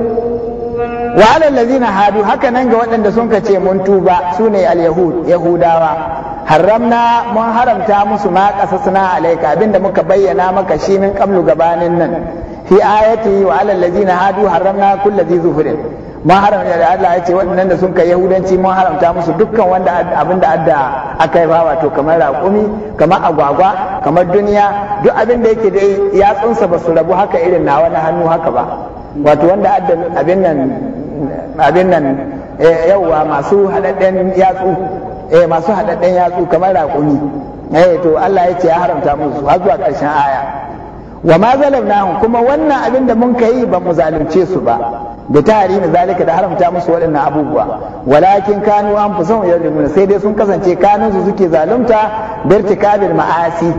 [SPEAKER 1] wa alallazina hadu haka nan ga waɗanda sun ce mun tuba sune al-yahud yahudawa haramna mun haramta musu ma qasasna alayka abinda muka bayyana maka shi min qablu gabanin nan fi ayati wa alallazina hadu haramna kulli dhi zufrin mun haramta da Allah yace waɗannan da sun kai yahudanci mun haramta musu dukkan wanda abinda adda akai ba wato kamar raƙumi kamar agwagwa kamar duniya duk abinda yake dai yatsunsa ba su rabu haka irin nawa na hannu haka ba wato wanda adda abin nan abin nan eh, yauwa masu haɗaɗɗen yatsu eh masu haɗaɗɗen yatsu kamar raƙumi eh to Allah ya ce ya haramta musu har zuwa ƙarshen aya wa ma zalamnahum kuma wannan abin da mun kai ba mu zalunce su ba bi tahrimi zalika da haramta musu waɗannan abubuwa walakin kanu ya yadrimuna sai dai sun kasance kanun suke zalunta birtikabil ma'asi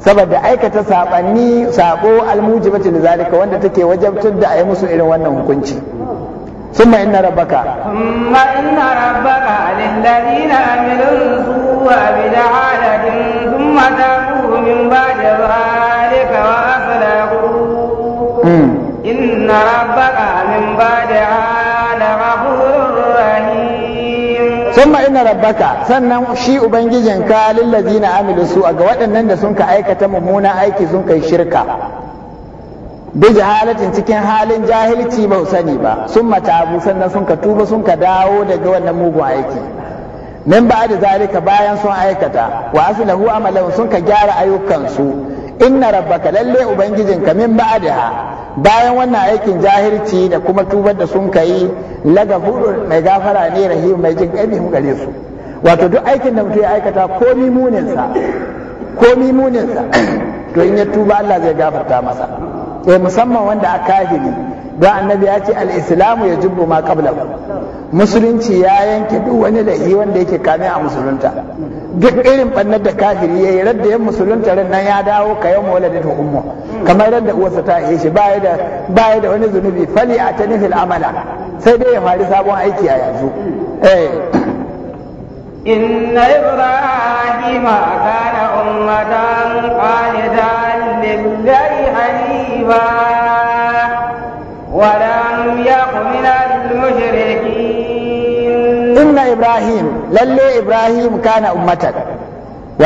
[SPEAKER 1] saboda aikata sabanni sabo almujibati zalika wanda take wajabtar da ayi musu irin wannan hukunci ثم إن ربك
[SPEAKER 2] ثم إن ربك للذين عملوا السوء بجهالة ثم تابوا من بعد ذلك وأصلحوا إن ربك من بعدها
[SPEAKER 1] لغفور رحيم ثم إن ربك سنن شيء بنجزنك للذين عملوا السوء ga waɗannan da sun ka aikata mummuna aiki sun kai shirka bi jahalatin cikin halin jahilci ba sani ba sun matabu sannan sun ka tuba sun ka dawo daga wannan mugun aiki min ba da zalika bayan sun aikata wa aslahu amalan sun ka gyara ayyukansu inna rabbaka lalle ubangijinka min ba'daha bayan wannan aikin jahilci da kuma tubar da sun kai hudu mai gafara ne rahim mai jin kai mu gare su wato duk aikin da mutum ya aikata komi muninsa komi sa to in ya tuba Allah zai gafarta masa E musamman wanda a kafiri don annabi ya ce al-islamu ya jubbu ma qabla musulunci ya yanke duk wani lahi wanda yake kame a musulunta duk irin bannar da kafiri ya yi radda yan musulunta ran nan ya dawo ka yau mawalada ta ummu kamar radda uwarsa ta yi shi baya da baya da wani zunubi fali a tanihil amala sai dai ya fari sabon aiki a yanzu eh
[SPEAKER 2] inna ibrahima kana ummatan qanita
[SPEAKER 1] Inna Ibrahim lalle Ibrahim Kana إن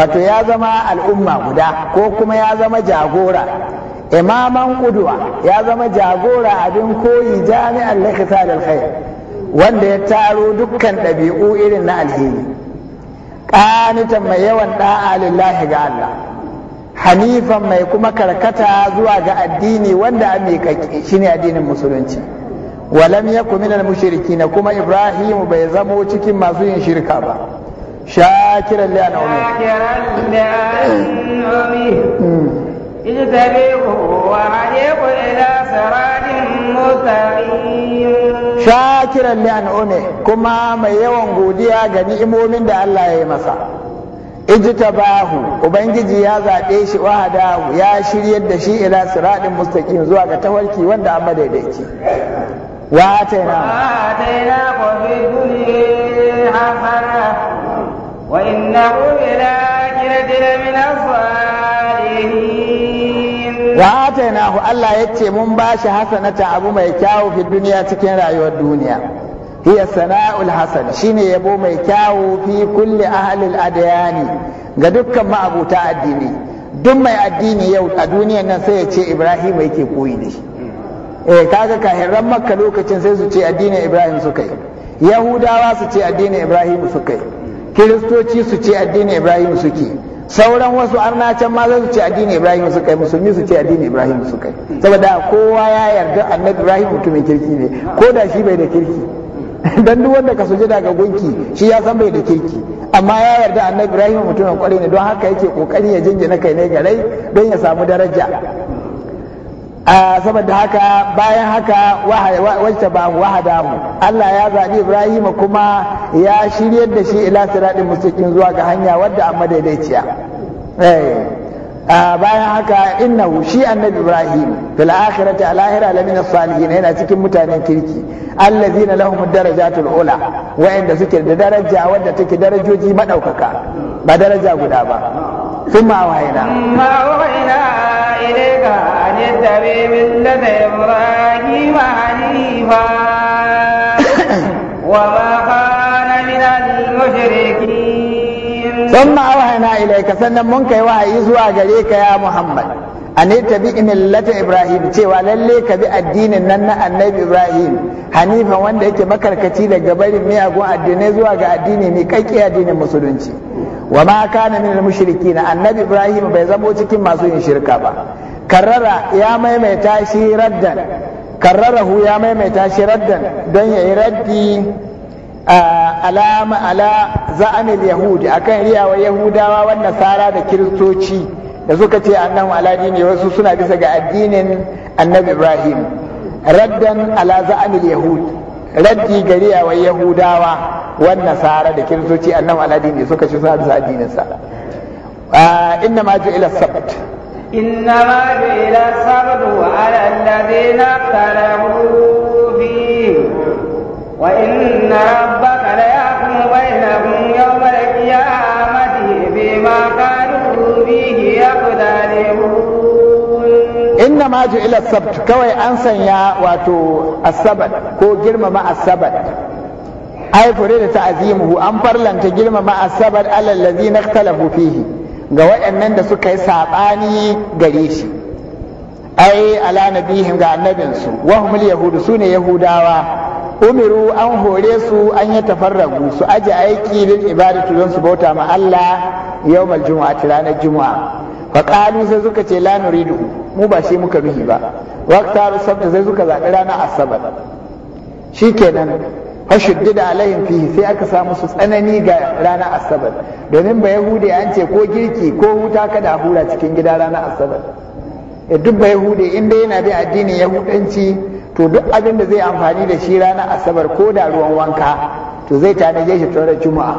[SPEAKER 1] wato ya zama al'umma guda ko kuma ya zama jagora imaman kuduwa ya zama jagora abin koyi jami'an likita da alkhair wanda ya taro dukkan ɗabi'u irin na alheri ƙanitan mai yawan ɗa'a lillahi ga Allah hanifan mai kuma karkata zuwa ga addini wanda a miƙaƙe shine addinin musulunci walam da mushiriki na kuma ibrahim bai zamo cikin masu yin shirka ba shakiran li an'ami
[SPEAKER 2] shakiran li an'ami
[SPEAKER 1] hmm. kuma mai yawan godiya ga ni'imomin da Allah ya yi masa ijtabahu ubangiji ya zaɓe shi wahadahu ya shiryar da shi ila siratin mustaqim zuwa ga tawarki wanda an madaidaici wa ataina ataina
[SPEAKER 2] ko fi dunya hasana wa innahu ila akhiratin min as-salihin wa atainahu
[SPEAKER 1] Allah yace mun bashi hasanata abu mai kyau fi duniya cikin rayuwar duniya hiya sana'ul الحسن shine yabo mai في fi أهل ahlil قدوك ga dukkan ma'abota addini duk mai addini yau a duniyan nan sai ya ibrahim yake koyi da shi eh, kaga kahiran makka lokacin sai su ce addinin ibrahim suka yahudawa su ce إبراهيم ibrahim sauran wasu arnacen ma su ce addini ibrahim su kai musulmi su ce addini ibrahim su kai saboda kowa ya yarda annabi ibrahim mutumin kirki ne ko da shi bai da kirki dan duk wanda ka sujada ga gunki shi ya san bai da kirki amma ya yarda annabi Ibrahim mutumin kwarai ne don haka yake kokari ya na kai ne garai don ya samu daraja a saboda haka bayan haka wacce ba mu, wahada mu Allah ya zaɓi Ibrahim kuma ya shiryar da shi ila siratin mustaqim zuwa ga hanya wadda amma daidaiciya eh bayan haka innahu shi annabi ibrahim fil akhirati al akhirati lamin salihin yana cikin mutanen kirki allazina lahum darajatul ula wa'inda suke da daraja wadda take darajoji madaukaka ba daraja guda ba ثم أوحينا ثم أوحينا إليك أن
[SPEAKER 2] ملة إبراهيم حنيفا وما كان من المشركين don ma'awahana
[SPEAKER 1] ilaika sannan mun kai wahayi zuwa gare ka ya muhammad a ne tabi millata ibrahim cewa lalle ka bi addinin nan na annabi ibrahim hanifa wanda yake makarkaci daga barin miyagun addinai zuwa ga addini mai kakki addinin musulunci wa ma kana min mushriki na annabi ibrahim bai zamo cikin masu yin shirka ba karrara ya maimaita shi raddan karrarahu ya maimaita shi raddan don ya yi raddi alama ala za'anil yahudi akan riyawa yahudawa wan nasara da kiristoci da suka ce annahu ala dini wasu suna bisa ga addinin annabi ibrahim raddan ala za'anil yahudi raddi ga riyawa yahudawa wan nasara da kiristoci annahu ala dini suka ce suna bisa addinin sa
[SPEAKER 2] inna ma ju'ila sabt inna ma ju'ila wa ala alladhina kalamu
[SPEAKER 1] وإن ربك ليحكم بينهم يوم القيامة بما
[SPEAKER 2] كانوا فيه يختلفون
[SPEAKER 1] إنما جعل السبت كوي أنسن ai fure da ta'azimuhu an farlanta girmama asabar alal ladina ikhtalafu fihi ga waɗannan da suka yi sabani gare shi ai ala nabihim ga annabinsu wa yahudu sune yahudawa umiru an hore su an yi tafarragu su ajiye aiki lil ibadatu don su bauta ma Allah yau yawmal jumu'ati ranar juma'a fa qalu sai suka ce la nuridu mu ba shi muka nuhi ba waqtaru sabta sai suka zabi ranar asabar shikenan fa shuddida alaihim fihi sai aka sa musu tsanani ga rana asabar domin ba yahude an ce ko girki ko huta kada hura cikin gida ranar asabar eh, duk ba hude, inda yana bi addinin yahudanci to duk abin da zai amfani da shi ranar asabar ko da ruwan wanka to zai tanaje shi tun juma'a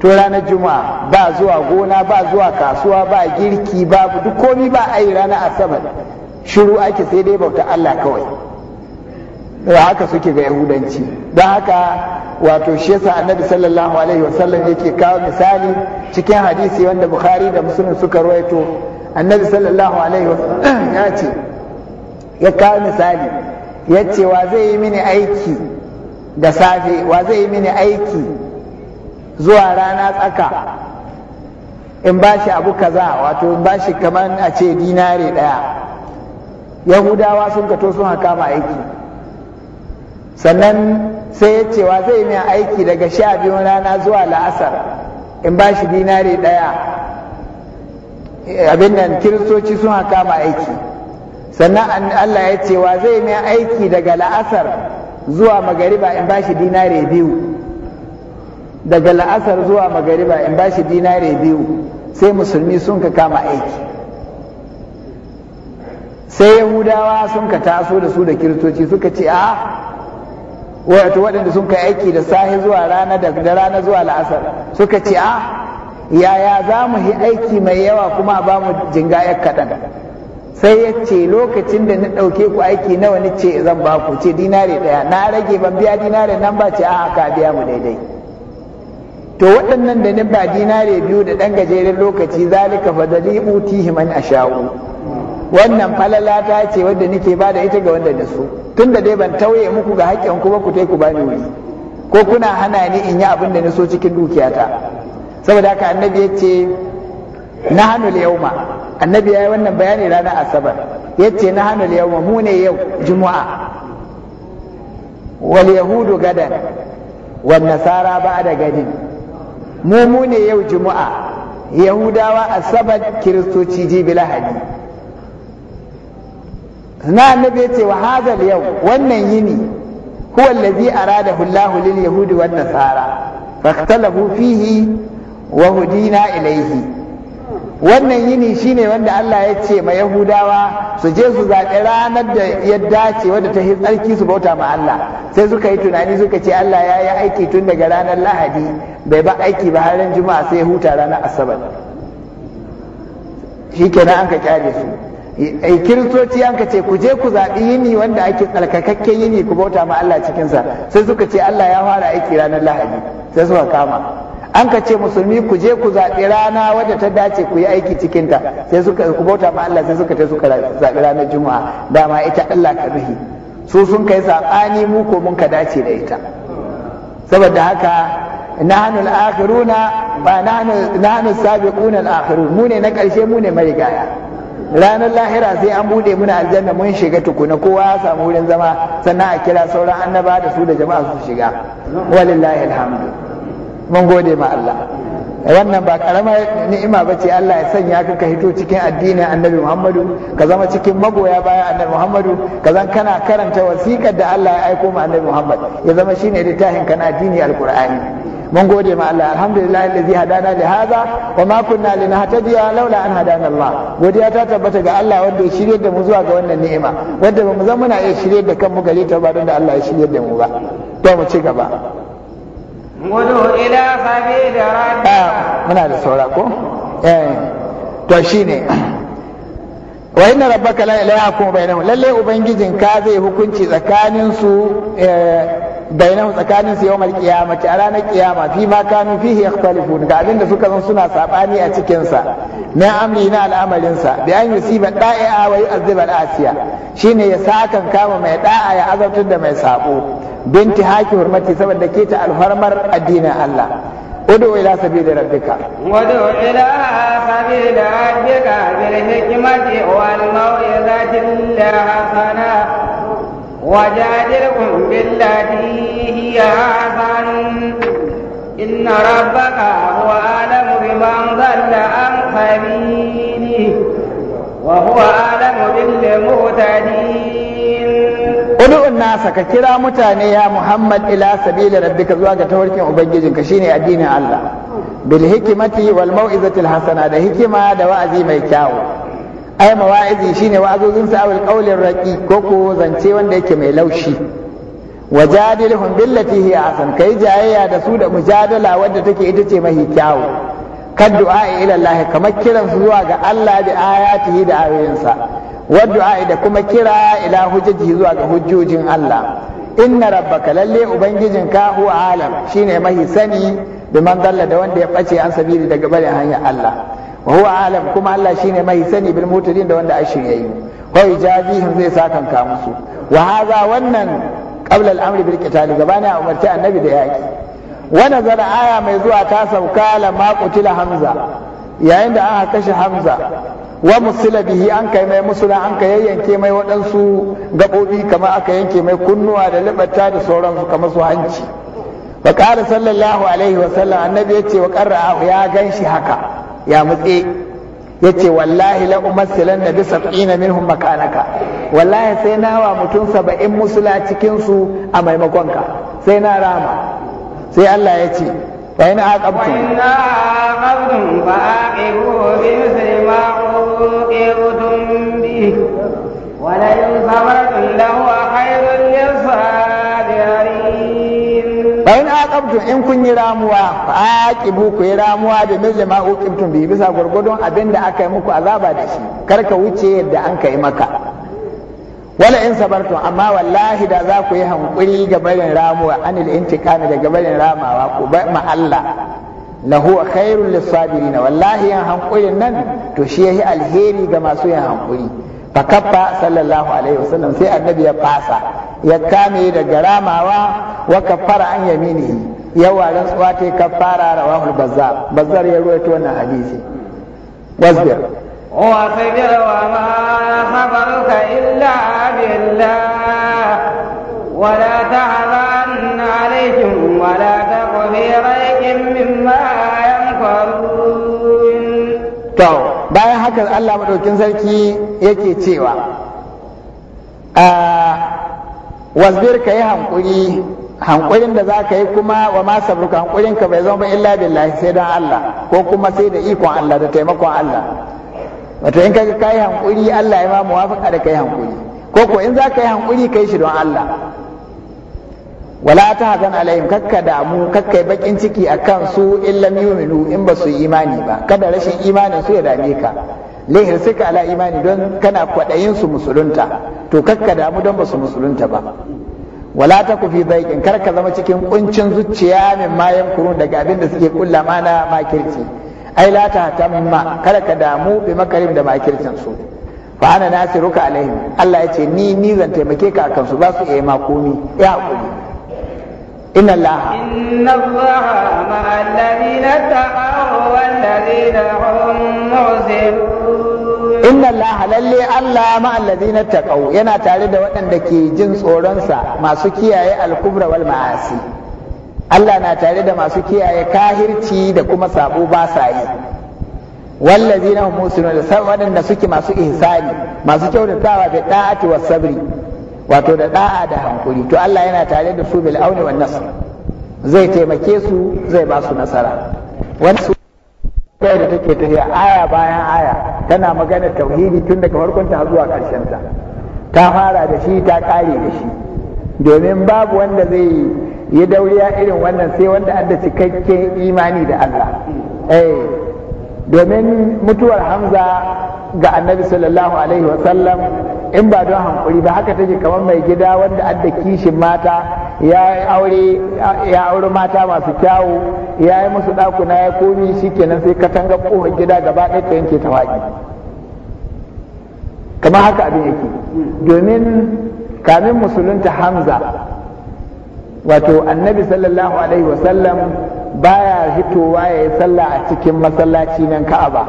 [SPEAKER 1] to ranar juma'a ba zuwa gona ba zuwa kasuwa ba girki babu duk komi ba a yi ranar asabar shiru ake sai dai bauta Allah kawai da haka suke ga yahudanci da haka wato shi yasa annabi sallallahu alaihi wasallam yake kawo misali cikin hadisi wanda bukhari da muslim suka rawaito annabi sallallahu alaihi wasallam ya ce ya kawo misali ya ce wa zai yi mini aiki da safe wa zai yi mini aiki zuwa rana tsaka in ba shi abu kaza wato in ba shi kamar a ce dinare ɗaya yahudawa sun kato sun haka ma aiki sannan sai ya ce wa zai yi aiki daga sha biyun rana zuwa la'asar in ba shi dinare ɗaya abin nan kiristoci sun haka ma aiki sannan Allah ya ce wa zai mai aiki daga la'asar zuwa magariba in bashi dinare biyu daga la'asar zuwa magariba in bashi dinare biyu sai musulmi sun ka kama aiki sai yahudawa sun ka taso da su da kiristoci suka ce a ah, wato waɗanda sun ka aiki da sahi zuwa rana da rana zuwa la'asar suka ce a ah, yaya za mu yi aiki mai yawa kuma ba mu jinga jingayar kaɗan sai ya ce lokacin da na ɗauke ku aiki nawa ni ce zan ba ku ce dinare ɗaya na rage ban biya dinare nan ba ce a ka biya mu daidai to waɗannan da ni ba dinare biyu da ɗan gajeren lokaci zalika fadali utihi man asha'u wannan falala ta ce wadda nake ba da ita ga wanda da su tunda dai ban tauye muku ga haƙƙin ku ba ku ku bani wuri ko kuna hana ni in yi abin da na so cikin dukiyata saboda haka annabi ya ce na hannu yauma annabi ya yi wannan bayani ranar asabar yace na hanul yau mu ne yau juma'a wal yahudu gadan wal nasara da gadin mu mu ne yau juma'a yahudawa asabar kiristoci jibi lahadi na annabi yace wa hadal yau wannan yini huwa allazi aradahu Allah lil yahudi wan nasara faktalafu fihi wa hudina ilayhi wannan yini shine wanda Allah ya ce ma Yahudawa su je su zaɓi ranar da ya dace wadda ta tsarki su bauta ma Allah sai suka yi tunani suka ce Allah ya yi aiki tun daga ranar Lahadi bai ba aiki ba har ran Juma'a sai huta ranar Asabar Shi na an ka kyale su ai eh, kiristoci an ka ce ku je ku zaɓi yini wanda ake tsarkakakken yini ku bauta ma Allah cikinsa sai suka ce Allah ya fara aiki ranar Lahadi sai suka kama an ka ce musulmi ku je ku zaɓi rana wadda ta dace ku yi aiki cikinta sai suka ku bauta ma Allah sai suka ta suka zaɓi ranar juma'a dama ita Allah ka ruhi su sun kai saɓani mu ko mun ka dace da ita saboda haka nahnu al-akhiruna ba nahnu nahnu sabiquna al-akhirun mu ne na ƙarshe mu ne marigaya ranar lahira sai an bude muna aljanna mun shiga tukuna kowa ya samu wurin zama sannan a kira sauran annaba da su da jama'a su shiga walillahi alhamdulillah mun gode ma Allah wannan ba karama ni'ima ba ce Allah ya sanya ka ka hito cikin addinin annabi Muhammadu ka zama cikin magoya bayan annabi Muhammadu ka zan kana karanta wasiƙar da Allah ya aiko ma annabi Muhammad ya zama shine littafin kana addini alqur'ani mun gode ma Allah alhamdulillah alladhi hadana li hadha wa ma kunna linahtadiya laula an hadana Allah godiya ta tabbata ga Allah wanda ya shirye da mu zuwa ga wannan ni'ima wanda ba mu zama muna iya shirye da kanmu gare ta ba don da Allah ya shirye da mu ba to mu ci gaba Ah, muna da saura ko eh to shine wa inna rabbaka la ilaha kuma bainahum lalle ubangijin ka zai hukunci tsakanin su eh, bainahu tsakanin su yawmal qiyamati a ranar qiyama fi ma kanu fihi yakhtalifun ga abinda suka zan suna sabani a cikin sa na amri na al'amarin sa bi an yusiba da'a wa yu'azziba al'asiya shine ya sakan kama mai da'a ya azabtar da mai sabo binti haki hurmati saboda ke ta alfarmar addinin Allah ادعو إلى سبيل ربك
[SPEAKER 2] وادعو إلى سبيل ربك بالحكمة والموعظة الحسنة وجادلهم بالتي هي أحسن إن ربك هو أعلم بمن ضل عن سبيله وهو أعلم بالمهتدين
[SPEAKER 1] Udu'un nasa ka kira mutane ya Muhammad ila sabili rabbika zuwa ga tawarkin Ubangijinka shine addinin Allah bil hikimati wal mau'izatil hasana da hikima da wa'azi mai kyawu ai mawa'izi shine wa'azozin sa awil qawlin raqi ko ko zance wanda yake mai laushi wajadilhum billati hi ahsan kai jayayya da su da mujadala wadda take ita ce mahi kyawu kad du'a ila Allah kamar kiran zuwa ga Allah bi ayatihi da ayoyinsa wa du'a da kuma kira ila hujjaji zuwa ga hujjojin Allah inna rabbaka lalle ubangijinka huwa alam shine mahi sani bi man dalla da wanda ya bace an sabili daga barin hanyar Allah wa huwa alam kuma Allah shine mai sani bil mutadin da wanda yi. wa yajazihim zai sakan ka musu wa hadha wannan qabla al amri bil qital a umarci annabi da yaki wa nazara aya mai zuwa ta sauka la ma qutila hamza yayin da aka kashe hamza wa musila bihi an kai mai musula an kai yayyanke mai waɗansu gaɓoɓi kamar aka yanke mai kunnuwa da libata da sauransu kamar su hanci wa ƙara sallallahu alaihi wa sallam annabi ya ce wa ƙarra ya gan shi haka ya mutse yace wallahi la umassilan nabi sab'ina minhum makanaka wallahi sai na wa mutum saba'in musula cikin su a maimakon ka sai na rama
[SPEAKER 2] sai Allah ya ce wa in aqabtu wa in aqabtum fa aqibu bi misli ma bi wa la in lahu khairun
[SPEAKER 1] bayan aqabtum in kun yi ramuwa fa aqibu ku yi ramuwa da mithli ma uqibtum bi bisa gurgudun abinda aka yi muku azaba da shi kar ka wuce yadda an kai maka wala in sabartum amma wallahi da za ku yi hankuri ga barin ramuwa anil intiqami daga barin ramawa ku ba ma Allah lahu khairul lisabirin wallahi yan hankurin nan to shi yahi alheri ga masu yin hankuri fakaffa sallallahu alaihi wasallam sai annabi ya fasa ya kame daga ramawa wa kafara an yaminihi yawa rantsuwa ta kafara rawahul bazzar bazzar ya ruwaito wannan hadisi wasbir
[SPEAKER 2] ma khabaruka illa billah wa la تحزن alaykum wa la في ريب mimma يمكرون
[SPEAKER 1] bayan haka Allah maɗaukin sarki yake cewa a wasbir ka yi hankuri hankurin da za ka yi kuma wa ma sabruka hankurin ka bai zama illa billahi sai don Allah ko kuma sai da ikon Allah da taimakon Allah wato in ka kai hankuri Allah ya ma muwafaka da kai hankuri ko ko in za ka yi hankuri kai shi don Allah wala ta hazan alaihim kakka damu kakkai bakin ciki akan su illam yuminu in ba su imani ba kada rashin imanin su ya dame ka lihir suka ala imani don kana kwadayin su musulunta to kakka damu don ba su musulunta ba wala ta ku fi zaikin kar ka zama cikin kuncin zuciya min mayan kurun daga abin da suke kulla mana makirci ai la ta tamma kar ka damu bi makarim da makircin su fa ana nasiruka alaihim Allah ya ce ni ni zan taimake ka akan su ba su iya ma komi ya hakuri إن الله
[SPEAKER 2] إن الله مع الذين اتقوا والذين هم محسنون إن
[SPEAKER 1] الله للي الله مع الذين اتقوا ينا تارد وأن دكي جنس أورنسا ما سكيا الكبرى والمعاصي Allah na tare da masu kiyaye kahirci da kuma sabo ba sa yi wallazi na musulun suke masu ihsani masu kyautatawa da da'ati was sabri wato da da'a da hankuri to Allah yana tare da su bil auni wan nasr zai taimake su zai ba su nasara wani su da take tafiya aya bayan aya tana magana tauhidi tun daga farkon ta zuwa karshen ta ta fara da shi ta kare da shi domin babu wanda zai yi dauriya irin wannan sai wanda adda cikakken imani da Allah eh domin mutuwar hamza ga annabi sallallahu alaihi wasallam in ba don hankuri ba haka take kamar mai gida wanda adda kishin mata ya aure ya aure mata masu kyawu ya yi musu ɗakuna ya komi shi kenan sai katanga ƙofar gida gaba ɗaya ta yanke ta waƙi kamar haka abin yake domin kamin musulunta hamza wato annabi sallallahu alaihi wasallam baya hitowa ya yi sallah a cikin masallaci nan ka'aba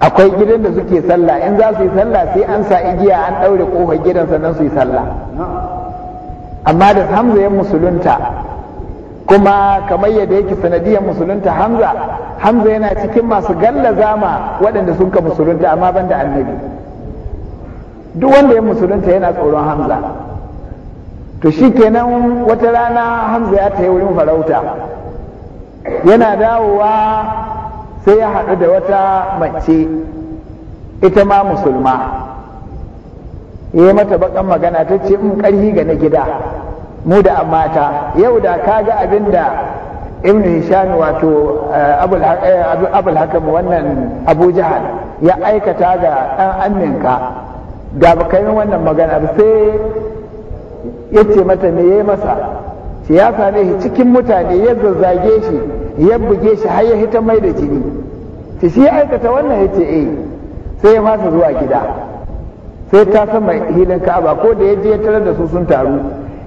[SPEAKER 1] akwai gidan da suke sallah in za su yi sallah sai an sa igiya an ɗaure ƙofar gidan sannan su yi sallah amma da hamza ya musulunta kuma kamar yadda yake sanadiyar musulunta hamza hamza yana cikin masu gallaza ma waɗanda sun ka musulunta amma banda annabi duk wanda ya musulunta yana tsoron hamza to shi kenan wata rana hamza ya ta yi wurin farauta yana dawowa sai ya haɗu da wata mace ita ma musulma ya yi mata bakan magana ta ce in mm, ƙarhi ga na gida mu da mata yau da ka ga abin da ibn hisham wato eh, eh, abul hakam wannan abu jihar ya aikata ga ɗan aminka da baka wannan magana sai ya ce mata me ya yi masa ce ya same shi cikin mutane ya zazzage shi ya buge shi har ya hita mai da jini ce shi ya aikata wannan ya ce eh sai ya masa zuwa gida sai ta san mai hilin ka'aba ko da ya je tare da su sun taru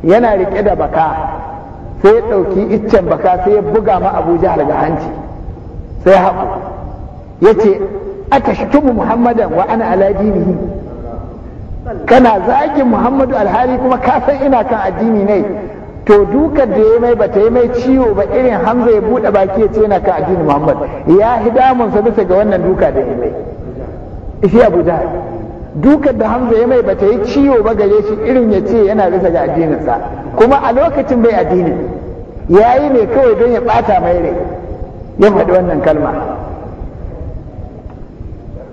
[SPEAKER 1] yana rike da baka sai ya ɗauki iccen baka sai ya buga ma abuja ga hanci sai haƙo ya ce aka shi muhammadan wa ana ala dinihi kana zagin muhammadu alhali kuma ka san ina kan addini ne to dukkan da ya mai bata yi mai ciwo ba irin hamza ya buɗe baki ya ce yana kan addini muhammad ya hi sa bisa ga wannan duka da ya mai shi abu da hamza ya mai bata yi ciwo ba gare shi irin ya ce yana bisa ga addininsa kuma a lokacin bai addini ya yi ne kawai don ya bata mai rai ya faɗi wannan kalma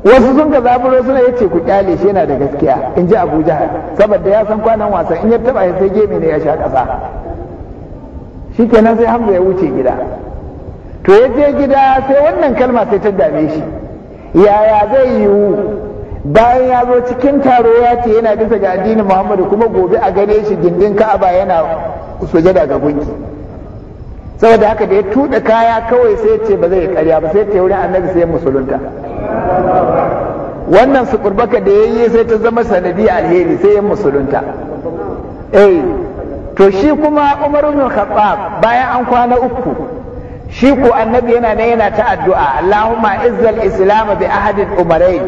[SPEAKER 1] wasu sun ka zaburo suna yace ku kyale shi yana da gaskiya in ji Abuja saboda ya san kwanan wasan in ya taba ya sai gemi ne ya sha kasa shikenan sai Hamza ya wuce gida to ya je gida sai wannan kalma sai ta dame shi yaya zai yiwu bayan ya zo cikin taro ya ce yana bisa ga addinin Muhammadu kuma gobe a gane shi gindin Ka'aba yana sujada ga gunki saboda haka da ya tuɗa kaya kawai sai ce ba zai karya ba sai ta wurin annabi sai musulunta wannan su kurbaka da ya yi sai ta zama sanadi a alheri sai ya musulunta eh to shi kuma umar ibn khattab bayan an kwana uku shi ko annabi yana ne yana ta addu'a Allahumma izzal islam bi ahadin umarai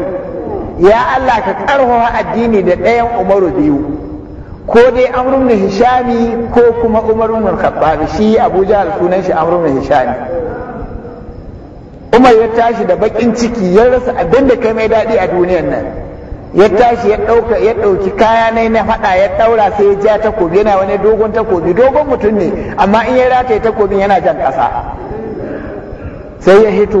[SPEAKER 1] ya Allah ka karho addini da ɗayan umaru biyu ko dai amrun da hishami ko kuma umarun murkabbabi shi abu jahal sunan shi amrun da hishami umar ya tashi da bakin ciki ya rasa abin da kai mai daɗi a duniyar nan ya tashi ya ɗauka ya ɗauki kaya na na faɗa ya ɗaura sai ya ja takobi yana wani dogon takobi dogon mutum ne amma in ya rataye takobin yana jan ƙasa sai ya hito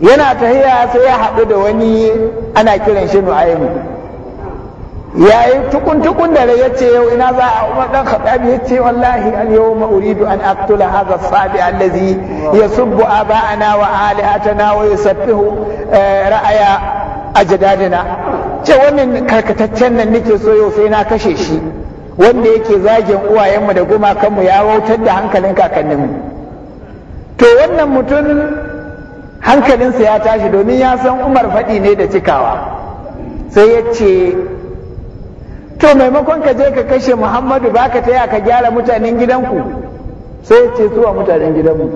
[SPEAKER 1] yana tahiya sai ya haɗu da wani ana kiran shi nu'aimu yayi tukun tukun da ya ce yau ina za a umar dan khattabi ya ce wallahi an yau ma'uridu an aqtula haza sabi allazi a ba'ana wa nawa wa yusabbihu eh, ra'aya jadadina ce wannan karkataccen nan nake so yau sai na kashe shi wanda yake zagin uwayenmu da gumakanmu ya wautar da hankalin kakanninmu to wannan mutum hankalinsa ya tashi domin ya san umar faɗi ne da cikawa sai ya ce to maimakon ka je ka kashe muhammadu ba ka taya ka gyara mutanen gidanku sai ce zuwa mutanen gidanmu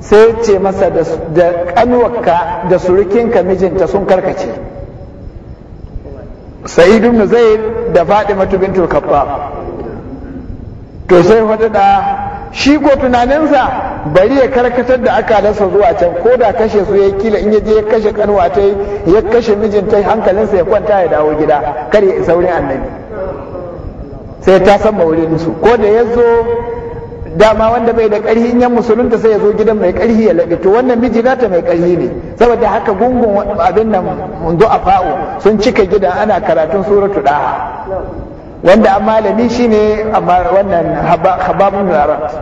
[SPEAKER 1] sai ce masa da kanuwarka da surukinka mijinta sun karkace sa'idu ibn zai da fatima matubin kaffaf to sai wadada shi ko tunaninsa bari ya karkatar da aka akalansa zuwa can ko da kashe su ya kila in ya je ya kashe kanwa ta ya kashe mijinta hankalinsa ya kwanta ya dawo gida kar ya isa annabi sai ta san wurin su ko da ya zo dama wanda bai da ƙarfi in yan musulunta sai ya zo gidan mai ƙarfi ya lade to wannan miji nata mai ƙarfi ne saboda haka gungun abin nan zo a fa'o sun cika gidan ana karatun suratu ɗaha wanda an malami shine wannan hababun arat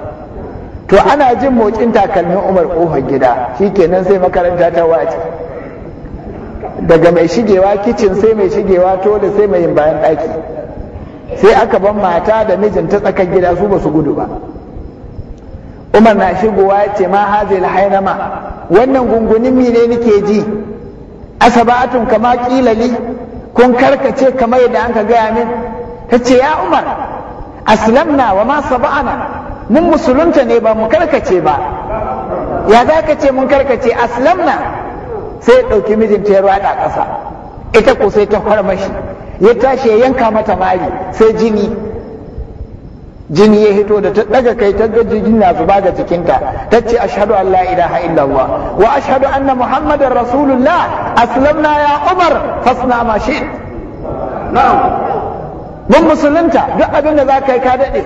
[SPEAKER 1] to ana jin motsin takalmin umar kofar gida shi kenan sai makaranta ta wace daga mai shigewa kicin sai mai shigewa tole sai mai yin bayan ɗaki sai aka ban mata da mijinta tsakar gida su ba su gudu ba umar na shigowa ya ce ma hazil hainama wannan gungunin mine nake ji asabatun kama kilali kun karkace kamar yadda an ka gaya min tace ce ya umar aslamna wa ma saba'ana mun musulunta ne ba mu karkace ba ya za ka ce mun karkace aslamna sai ya ɗauki mijinta ya rada ƙasa ita ko sai ta farmashi ya tashi ya yanka mata mari sai jini jini ya hito da ta daga kai ta ga jini na zuba ga jikinta ta ce ashhadu an la ilaha illallah wa ashhadu anna muhammadan rasulullah aslamna ya umar fasna ma shi na'am mun musulunta duk abin da za ka yi ka daɗe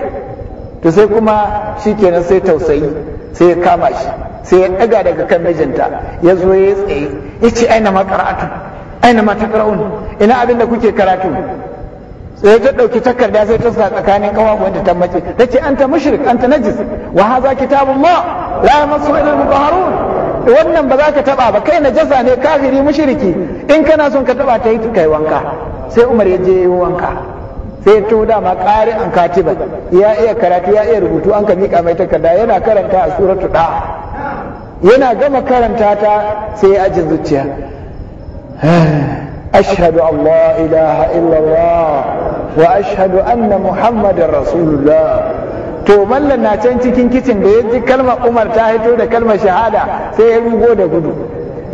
[SPEAKER 1] to sai kuma shi kenan sai tausayi sai ya kama shi sai ya ɗaga daga kan mijinta ya zo ya tsaye ya ce aina ma karatu aina ma takraun ina abin da kuke karatu sai ta ɗauki takarda sai ta sa tsakanin ƙafafuwan ta tambace ta ce anta mushrik anta najis wa haza kitabun ma la yamassu illa al-mutahharun wannan ba za ka taba ba kai najasa ne kafiri mushriki in kana son ka taba ta yi kai wanka sai Umar ya je yi wanka sai to dama ƙari an katiba ya iya karatu ya iya rubutu an ka miƙa mai takarda yana karanta a suratu da yana gama karanta ta sai ya ajin zuciya ashhadu an la ilaha illallah wa ashhadu anna muhammadar rasulullah to mallan na can cikin kicin da ya ji kalmar umar ta hito da kalmar shahada sai ya rugo da gudu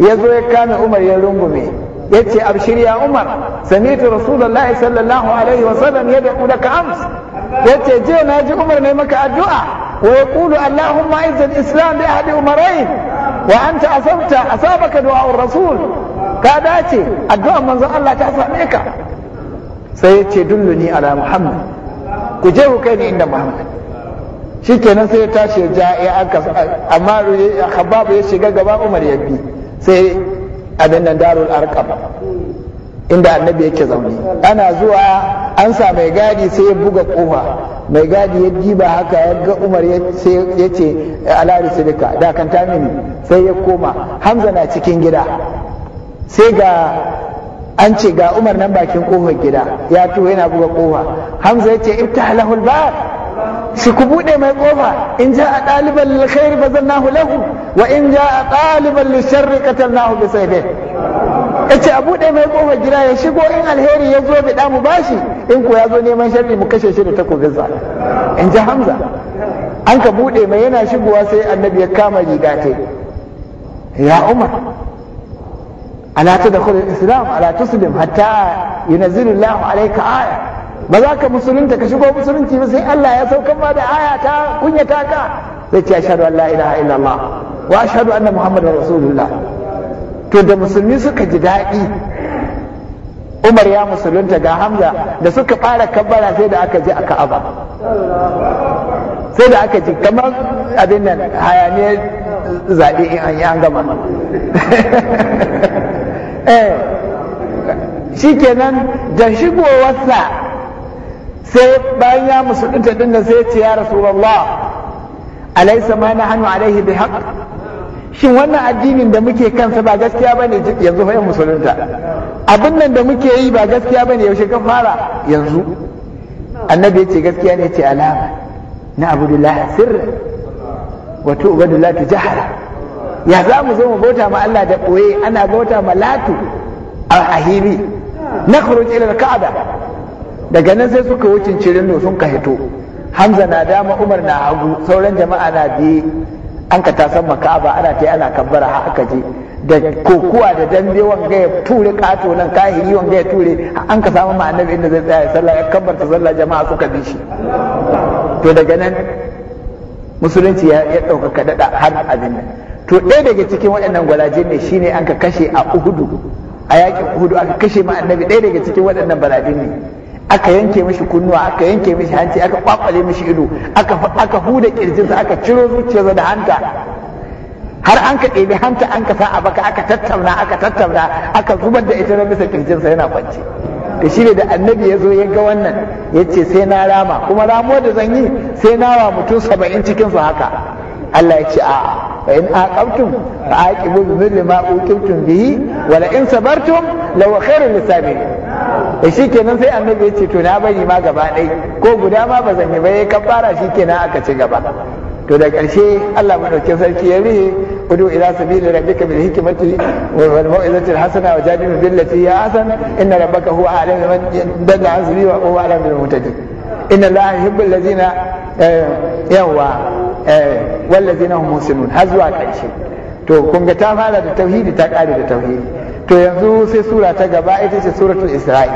[SPEAKER 1] ya zo ya kame umar ya rungume yace abshir ya umar sami'tu rasulullahi sallallahu alaihi wa sallam yad'u laka ams yace je na ji umar ne maka addu'a wa yaqulu allahumma izzil islam bi ahdi umarain wa anta asabta asabaka du'a rasul ka dace addu'a manzo Allah ta same ka sai yace dulluni ala muhammad ku je ku kai ni inda muhammad shikenan sai ya tashi ya ja ya aka amma khabbab ya shiga gaba umar ya bi sai abin nan darul arqam inda annabi yake zaune ana zuwa an sa mai gadi sai ya buga kofa mai gadi ya jiba haka ya ga umar ya ce ala risulika da kan mini sai ya koma hamza na cikin gida sai ga an ce ga umar nan bakin kofar gida ya to yana buga kofa hamza ya ce ibtah bab shi ku buɗe mai ƙofa in ja a ɗaliban lilkhairi fa zannahu lahu wa in ja a ɗaliban bi yace a buɗe mai ƙofa gida ya shigo in alheri ya zo bida mu bashi in ku ya zo neman sharri mu kashe shi da sa. in ja hamza an ka buɗe mai yana shigowa sai annabi ya kama riga ta ya umar ala tadkhul islam ala tuslim hatta yunazzilu allah alayka aya ba za ka musulunta ka shigo musulunci ba sai Allah ya saukan ba da aya ta kunyata ka zai ce ashhadu an la ilaha illallah wa ashhadu anna muhammadar rasulullah to da musulmi suka ji daɗi Umar ya musulunta ga Hamza da suka fara kabbara sai da aka ji a Ka'aba sai da aka ji kamar abin nan hayaniya zaɓe in an yi an gama eh kenan da shigowarsa sai bayan ya musulunta din nan sai ce ya rasulullah alaysa ma nahnu alaihi bihaq shin wannan addinin da muke kansa ba gaskiya bane yanzu fa musulunta abin nan da muke yi ba gaskiya bane yaushe ka fara yanzu annabi ya ce gaskiya ne ya ce alama na abudullah sirra wa tu'badu latu jahara ya za mu zo mu bauta ma Allah da koye ana bauta ma latu a hili na ila al-ka'aba daga nan sai suka wucin cirin sun ka hito hamza na dama umar na hagu sauran jama'a na biye an ka tasan maka'aba ana ta ana kabbara har aka je da kokuwa da dambe wanga ya ture kato nan kahiri wanga ya ture an ka samu ma annabi inda zai tsaya sallah ya kabbarta sallah jama'a suka bi shi to daga nan musulunci ya dauka daɗa har abin nan to ɗaya daga cikin waɗannan gwalaje ne shine an ka kashe a uhudu a yakin uhudu aka kashe ma annabi ɗaya daga cikin waɗannan baladin ne aka yanke mishi kunnuwa aka yanke mishi hanci aka kwakwale mishi ido aka aka huda kirjinsa aka ciro zuciyarsa da hanta har an ka ɗebi hanta an ka sa a baka aka tattauna aka tattauna aka zubar da ita na bisa kirjinsa yana kwance da shi da annabi ya zo ya ga wannan ya ce sai na rama kuma ramuwar da zan yi sai na wa mutum saba'in cikinsu haka Allah ya ce a'a فإن عاقبتم ma بمثل bihi wa la in sabartum law خير lisabirin da eh, shi kenan sai annabi ya ce to na bari ma gaba ɗai ko guda ma ba zan yi ba ya kafara shi kenan aka ci gaba to da ƙarshe Allah dauke sarki ya rihi udu ila sabili rabbika bil hikmati wal mau'izati al hasana wa bil lati ya hasan inna rabbaka huwa alim man dalla azri wa huwa alim bil mutaji inna la yuhibbu allazina eh, yawa eh, wal ladzina hum muhsinun hazwa ƙarshe to kun ga ta fara da tauhidi ta ƙare da tauhidi to yanzu sai sura ta gaba ita ce suratul isra'i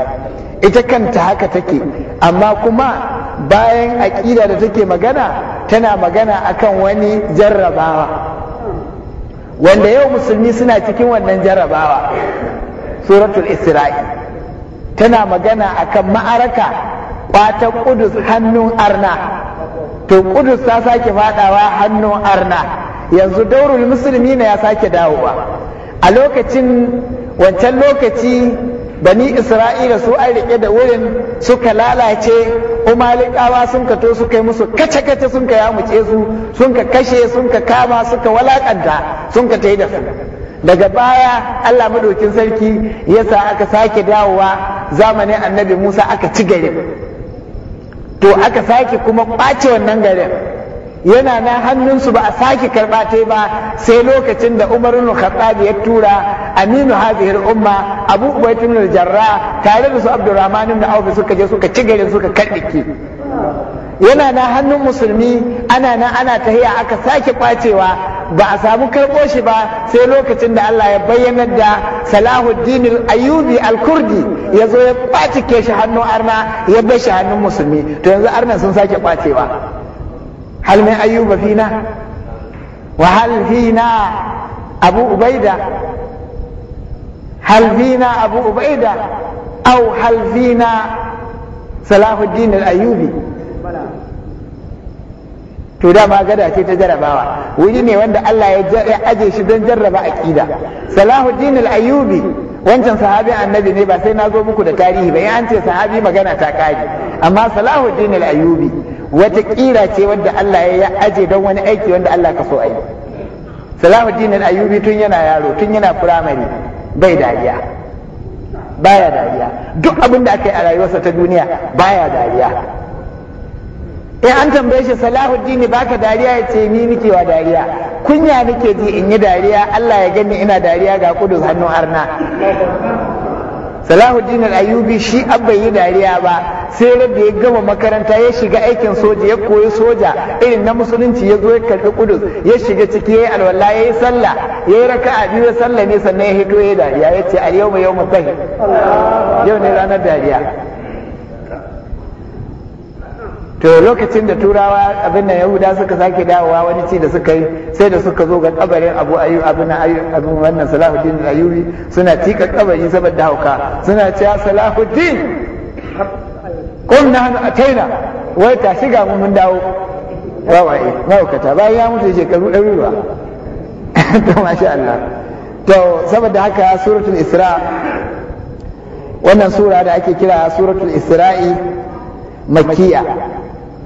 [SPEAKER 1] ita kanta haka take amma kuma bayan aƙida da take magana tana magana akan wani jarrabawa wanda yau musulmi suna cikin wannan jarrabawa suratul isra'i tana magana akan ma'araka ƙwata Kudus hannun arna to Kudus ta sake fadawa hannun arna yanzu daurul musulmi na ya sake dawowa a lokacin wancan lokaci bani isra'ila su an rike da wurin suka lalace umalikawa sun ka to suka yi musu kace-kace sun ka yamuce su sun ka kashe sun ka kama suka walakanta sun ka ta da su daga baya allah madaukin sarki yasa aka sake dawowa zamanin annabi musa aka ci garin to aka sake kuma ɓace wannan garin yana na hannunsu ba a sake karɓa ta ba sai lokacin da Umar ibn ya tura Aminu Hazihir Umma Abu Ubayd jarra, tare da su Abdurrahman ibn Auf suka je suka ci garin suka karɗike yana na hannun musulmi ana na ana tahiya aka sake kwacewa ba a samu karɓo shi ba sai lokacin da Allah ya bayyanar da Salahuddin Ayyubi Al-Kurdi ya zo ya ɓaci shi hannun arna ya bar shi hannun musulmi to yanzu arna sun sake kwacewa hal min ayyuba fina wa hal fina abu ubaida hal fina abu ubaida aw hal fina salahuddin al to dama gada ce ta jarabawa wuri ne wanda Allah ya aje shi don jarraba aqida salahuddin al-ayyubi wancan sahabi annabi ne ba sai na zo muku da tarihi ba in an ce sahabi magana ta kare amma salahuddin al-ayyubi wata kira ce wadda Allah ya aje don wani aiki wanda Allah ka so a yi salamuddin al-ayubi tun yana yaro tun yana firamare bai dariya baya dariya duk abin da aka yi a rayuwarsa ta duniya baya dariya Eh an tambaye shi salahuddin baka dariya ya ce ni nake wa dariya kunya nake ji in yi dariya Allah ya gani ina dariya ga kudu hannun arna salahuddin al-ayubi shi abba yi dariya ba sai rabbi ya gama makaranta ya shiga aikin soja ya koyi soja irin na musulunci ya zo ya karbi kudus ya shiga ciki ya yi alwala ya yi sallah ya yi raka a biyu sallah ne sannan ya hito ya dariya ya ce al-yawma yawmu tahir yau ne ranar dariya to lokacin da turawa abin da yahuda suka sake dawowa wani ci da suka yi sai da suka zo ga kabarin abu ayu abin abin wannan salahuddin ayubi suna tika kabari saboda hauka suna cewa salahuddin kun na hannu a taina wai ta shiga mu mun dawo wawaye mahaukata bayan ya mutu shekaru ɗaruruwa to masha Allah to saboda haka suratul isra wannan sura da ake kira suratul isra'i makiya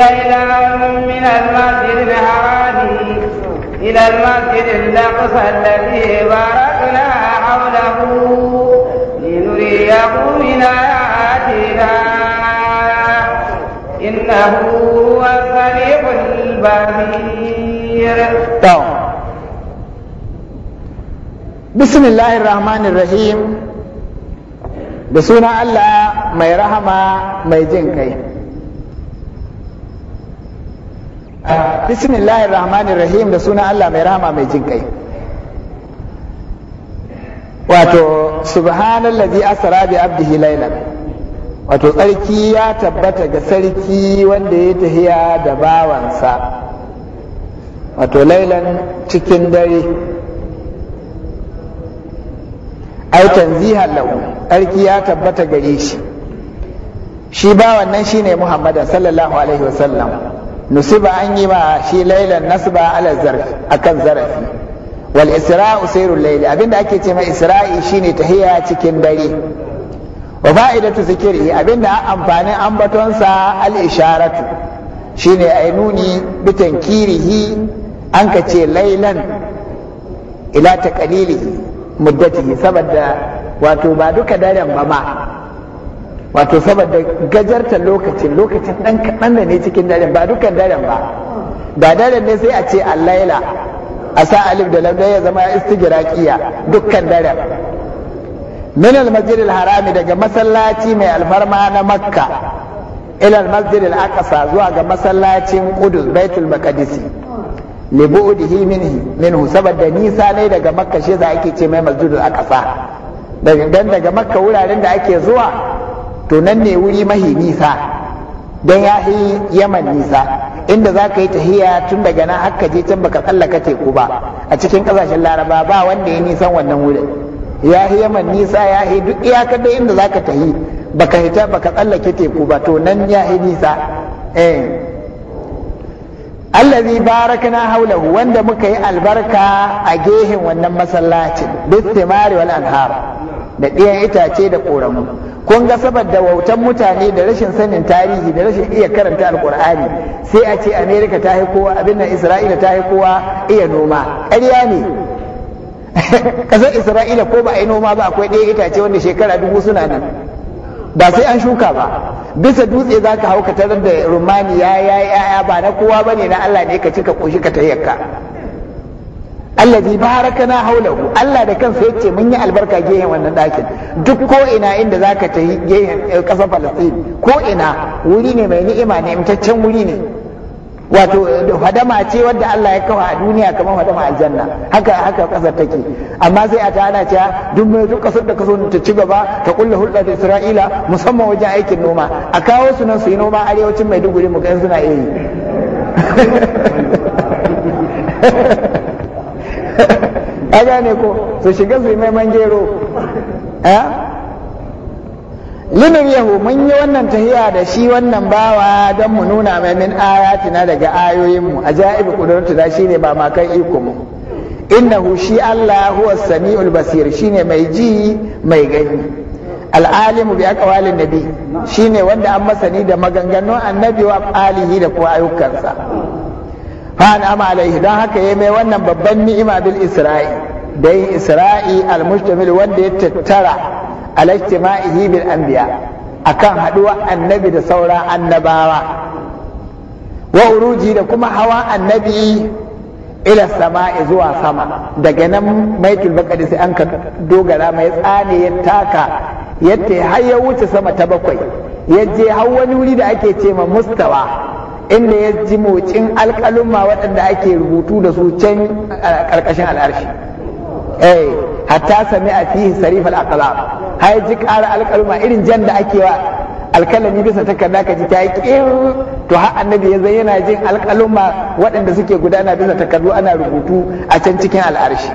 [SPEAKER 2] إلى من المسجد الحرام إلى المسجد الأقصى الذي باركنا حوله لنريه من آياتنا إنه هو السميع البصير
[SPEAKER 1] بسم الله الرحمن الرحيم بسم الله ما يرحم ما يجنكي jin bismillahir rahmanir rahim da sunan Allah mai rahama mai jin kai wato subhanallazi asra bi abdihi laylan wato tsarki ya tabbata ga sarki wanda ya tahiya da bawansa wato lailan cikin dare ai tanziha lahu tsarki ya tabbata gare shi shi bawan nan shine muhammadin sallallahu alaihi wasallam nusiba an yi ma shi lailan nasba ala akan zarafi wal isra'u sayrul abin abinda ake ce mai isra'i shine tahiya cikin dare wa fa'idatu zikri abinda amfanin ambaton sa al isharatu shine ainuni, nuni kirihi, an ka ce lailan ila taqalilihi muddatihi saboda wato ba duka daren ba ma wato saboda gajarta lokacin lokacin ɗan kaɗan da ne cikin daren ba dukkan daren ba ba daren ne sai a ce allaila a sa alif da lamdan ya zama istigiraqiya dukkan dare min al-masjid al-harami daga masallaci mai alfarma na makka ila al-masjid al zuwa ga masallacin qudus baitul maqdis li bu'dihi minhu minhu saboda nisa ne daga makka shi za ake ce mai masjid al-aqsa daga daga makka wuraren da ake zuwa to nan ne wuri mahi nisa don ya yi yaman nisa inda za ka yi tahiya tun daga nan haka je can baka tsallaka teku ba a cikin kasashen laraba ba wanda ya nisan wannan wurin ya yi yaman nisa ya yi duk iyakar da inda za ka tahi baka hita baka tsallake teku ba to nan ya yi nisa eh allazi barakna haula wanda muka yi albarka a gehen wannan masallacin bittimari wal anhar da ɗiyan itace da ƙoramu kun ga saboda wautan mutane da rashin sanin tarihi da rashin iya karanta alkur'ani sai a ce america ta kowa abin nan isra'ila ta kowa iya noma ƙarya ne ƙasar isra'ila ko ba a yi noma ba akwai ɗaya itace wanda shekara dubu suna nan ba sai an shuka ba bisa dutse za ka hau ka tarar da rumani ya ya ya ba na kowa ba ne na Allah ne ka cika koshi ka tayyaka allazi na haulahu Allah da kansa ya ce mun yi albarka gehen wannan ɗakin duk ko ina inda zaka tayi gehen eh, ƙasar Falastin ko ina wuri ne mai ni'ima ne imtaccen wuri ne wato hadama ce wadda Allah ya kawo a duniya kamar hadama aljanna haka haka kasar take amma sai a ta ana cewa duk mai duk kasar da kaso ta ci gaba ta kulla hulɗa da Isra'ila musamman wajen aikin noma a kawo su nan su yi noma arewacin Maiduguri mu kai suna yi a ne ko su shiga su yi mai gero eh Yahu mun yi wannan tahiya da shi wannan bawa don mu nuna mai min ayatina daga ayoyinmu a ja'ibi shi ne ba makan iko mu innahu shi Allah huwa sami'ul basir ne mai ji mai gani al'alimu bi aqwalin nabi ne wanda an masani da maganganu annabi wa alihi da kuma ayyukansa fa an ama alaihi don haka yayi mai wannan babban ni'ima bil isra'i da yin isra'i al-mustamil wanda ya tattara al ijtimai bil anbiya akan haduwa annabi da Saura annabawa wa uruji da kuma hawa annabi ila sama'i zuwa sama daga nan maitul maqdis an ka dogara mai tsane ya taka yadda har ya wuce sama ta bakwai ya je har wani wuri da ake ce ma mustawa inda ya ji motsin alkaluma waɗanda ake rubutu da su can ƙarƙashin al'arshi eh hatta sami'a fihi sarif al-aqlam hay ji al kalma irin jan da ake wa alkalami bisa takarda ka ji ta yi to har annabi yanzu yana jin kalma waɗanda suke gudana bisa takardu ana rubutu a can cikin al'arshi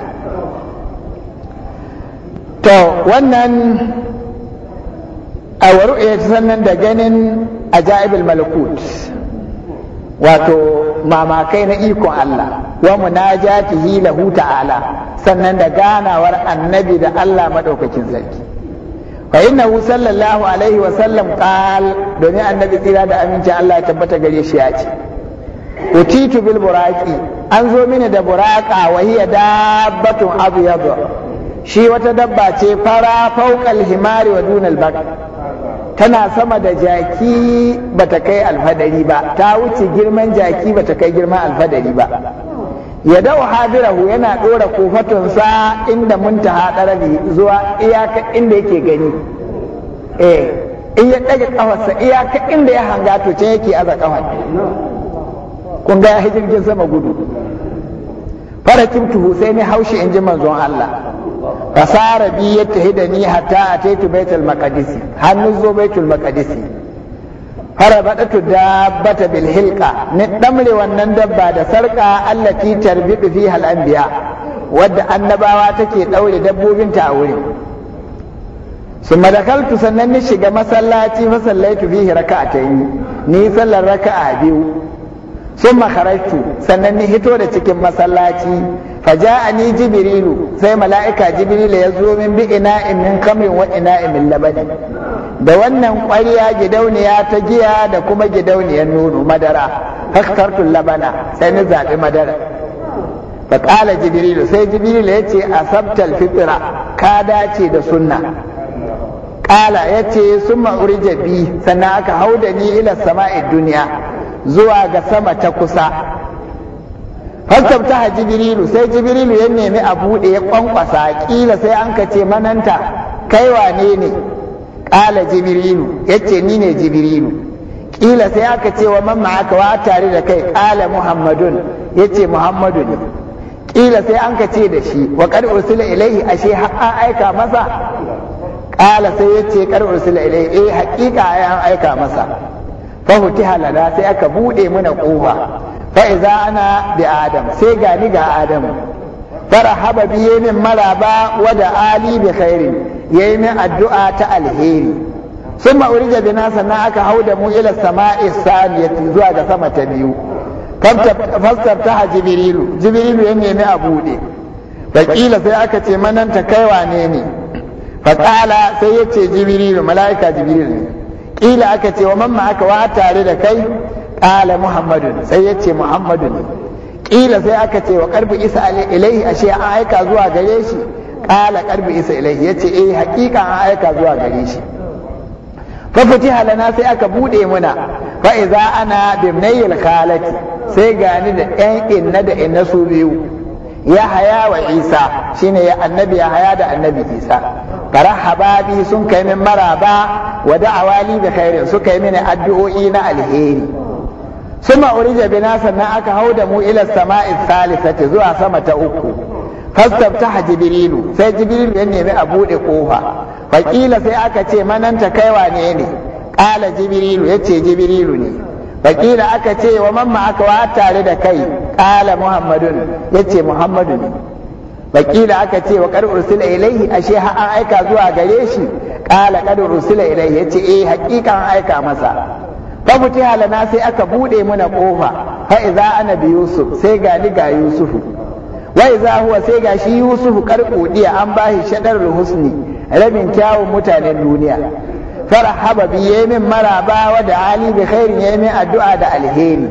[SPEAKER 1] to wannan a sannan da ganin ajaibul malakut wato mamakai na ikon Allah wa munajatihi lahu ta'ala sannan da ganawar annabi da Allah madaukakin sarki fa innahu sallallahu alaihi wa sallam qal domin annabi tsira da aminci Allah ya tabbata gare shi ya ce utitu bil buraqi an zo mini da buraqa wa hiya dabbatun abyad shi wata dabba ce fara fawqal himari wa dunal baqar tana sama da jaki ba ta kai alfadari ba ta wuce girman jaki ba ta kai girman alfadari ba ya dawo hadirahu yana ɗora kofatunsa inda muntaha darabi zuwa iyaka inda yake gani eh in ya ɗaga kafarsa iyaka inda ya hanga to can yake aza kafar kun ga hijirgin sama gudu fara kimtuhu sai ni haushi in ji manzon Allah fasara bi ya tahi da ni hatta a taitu baitul maqdisi hannu zo baitul maqdisi fara badatu dabbata bil hilqa ni damre wannan dabba da sarka allati tarbidu fiha al anbiya wadda annabawa take daure dabbobinta a wuri summa dakaltu sannan ni shiga masallaci fa sallaitu fihi raka'atayn ni sallar raka'a biyu sun makarattu sannan ni hito da cikin masallaci faja'ani jibrilu sai mala'ika jibrilu ya zo min bi ina min kamrin wa ina'in min labani da wannan ƙwarya gidauniya ta giya da kuma gidauniyar nono madara faktartun labana sai ni zaɓi madara ƙala jibrilu sai jibrilu ya ce asabtal fitira ka dace da sunna ƙala ya ce sun ma'uri jabi sannan aka hau da ni ila sama'in duniya zuwa ga sama ta kusa a jibrilu sai jibrilu ya nemi a buɗe ya kwankwasa kila sai an ka ce mananta kai wane ne ƙala jibrilu yace ni ne jibrilu kila sai aka ce wa mamma aka wa tare da kai ƙala muhammadun yace muhammadu ne kila sai an ka ce da shi wa kar ursila ilaihi ashe an aika masa ƙala sai yace qad ursila ilaihi eh haƙiƙa an aika masa fa halala sai aka bude mana kofa fa idza ana bi adam sai ga ni ga adam farahaba bi yamin maraba wa da ali bi khairi yayi min addu'a ta alheri summa urija na sannan aka hauda mu ila sama'i saniyati zuwa ga sama ta biyu fastar ta jibrilu jibrilu ya nemi a bude Baƙila sai aka ce manan ta kaiwa ne ne fakala sai yace jibrilu mala'ika jibrilu ne ƙila aka ce wa mamma aka wa tare da kai ƙala muhammadu sai ya muhammadu ne ƙila sai aka ce wa ƙarfi isa ilaihi ashe an aika zuwa gare shi ƙala ƙarfi isa ilaihi ya ce eh haƙiƙa an aika zuwa gare shi fiti halana sai aka buɗe muna iza ana bimnayil khalati sai gani da ƴan inna da inna su biyu Yahaya wa isa shine ya annabi Yahaya da annabi isa farahaba bi sun kai min maraba wa da'awali bi khairin suka yi mini addu'o'i na alheri suma urija bina sannan aka hau da mu ila sama'i salisati zuwa sama ta uku fastabtaha jibrilu sai jibrilu ya nemi a bude kofa faƙila sai aka ce mananta kaiwa ne ne ƙala jibrilu yace jibrilu ne Fakila aka ce wa mamma aka wa tare da kai Kala Muhammadun ya ce Muhammadu Fakila aka ce wa ƙar ursila ilaihi ashe ha an aika zuwa gare shi ƙala ƙar ursila ilaihi ya ce eh haƙiƙa an aika masa. Fa futiha lana sai aka buɗe mana ƙofa fa iza ana bi Yusuf sai ga ni ga Yusufu. Wa iza huwa sai ga shi Yusufu ɗiya, an bashi shaɗar husni rabin kyawun mutanen duniya. farhaba bi yamin maraba wa da ali bi khairin yamin addu'a da alheri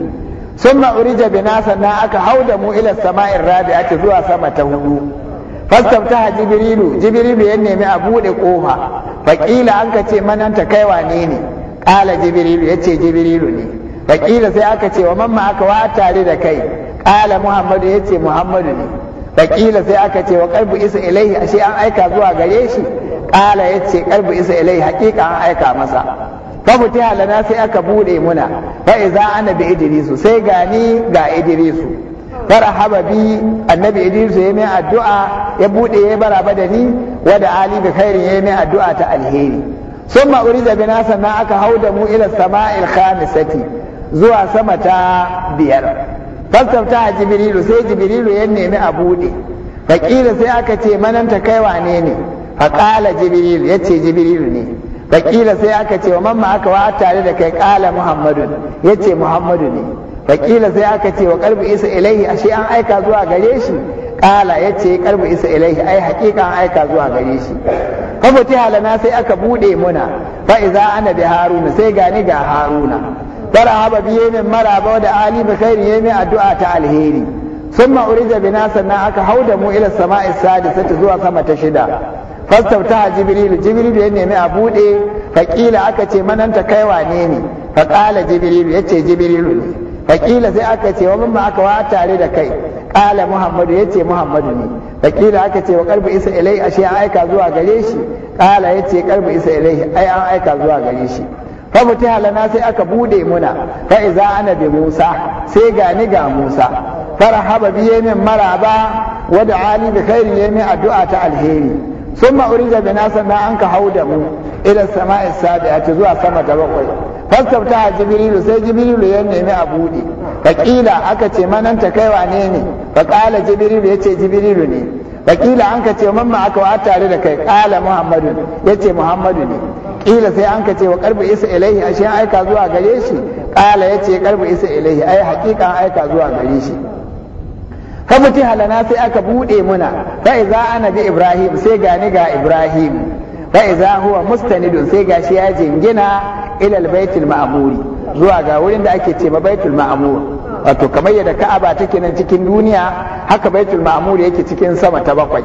[SPEAKER 1] summa urija bina sannan aka hau da mu ila sama'in rabi'ati zuwa sama ta hudu taha jibrilu jibrilu ya nemi a buɗe kofa faqila an ka ce mananta kai wane ne qala jibrilu yace jibrilu ne faqila sai aka ce wa mamma aka wa tare da kai Ƙala muhammadu yace muhammadu ne Baƙila sai aka ce wa qalbu isa ilaihi ashe an aika zuwa gare shi ƙala ya ce ƙarfi isa ilai haƙiƙa an aika masa fa futiha lana sai aka bude muna fa iza bi idrisu sai gani ga idrisu haba bi annabi idrisu ya mai addu'a ya bude yayi baraba da ni wa da ali da kairin ya mai addu'a ta alheri summa urida bina sanna aka hau da mu ila sama'il khamisati zuwa sama ta biyar a jibrilu sai jibrilu ya nemi a bude fakila sai aka ce mananta kai wanene? ne faƙala jibril ya ce jibril ne faƙila sai aka ce wa mamma aka wa tare da kai ƙala muhammadun ya ce muhammadu ne faƙila sai aka ce wa ƙalbu isa ilaihi ashe an aika zuwa gare shi ƙala ya ce ƙalbu isa ilaihi ai haƙiƙa an aika zuwa gare shi fafuti halana sai aka buɗe muna fa'iza ana bi haruna sai gani ga haruna farahaba biye min maraba da ali bi khairi min addu'a ta alheri summa urija bina sannan aka hauda mu ila sama'i sadisati zuwa sama ta shida fastafta jibrilu jibrilu ya nemi a bude faƙila aka ce mananta kai wane ne faƙala jibrilu ya ce jibrilu ne faƙila sai aka ce wa mamma aka wa tare da kai ƙala muhammadu ya ce muhammadu ne faƙila aka ce wa karbu isa ilai ashe an aika zuwa gare shi ƙala ya ce karbu isa ilai ai an aika zuwa gare shi fa futiha lana sai aka bude muna fa iza ana bi musa sai ga ga musa farhaba biye min maraba wa da ali bi khairin yamin addu'a ta alheri sun ma'urija bina sannan an ka hau da mu idan sama'i sabi'a ta zuwa sama ta bakwai fastabta jibrilu sai jibrilu ya nemi a buɗe faƙila aka ce manan ta kai wane ne faƙala jibrilu ya ce jibrilu ne faƙila an ka ce mamma aka wa tare da kai ƙala muhammadu ya ce muhammadu ne ƙila sai an ka ce wa ƙarfi isa ilaihi ashe aika zuwa gare shi ƙala ya ce ƙarfi isa ilaihi ai haƙiƙa aika zuwa gare shi Ka mutu halana sai aka buɗe muna fa iza ana bi ibrahim sai gani ga ibrahim fa iza huwa mustanidun sai gashi ya jingina ila baitul ma'muri zuwa ga wurin da ake ce baitul ma'mur wato kamar yadda ka'aba take nan cikin duniya haka baitul ma'mur yake cikin sama ta bakwai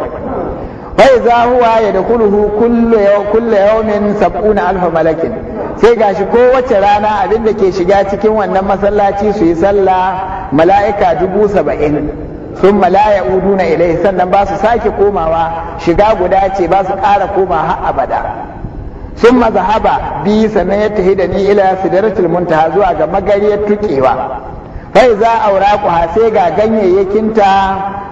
[SPEAKER 1] fa za huwa ya kullu yaw kullu yawmin sab'una alfa malakin sai gashi kowace rana abin da ke shiga cikin wannan masallaci su yi sallah mala'ika dubu saba'in sun malaya uduna ilai sannan ba su sake komawa shiga guda ce ba su kara koma har abada sun mazahaba bi sannan ya tahi da ni ila sidaratul muntaha zuwa ga magariyar tukewa Wai za a aura sai ga ganyayyakinta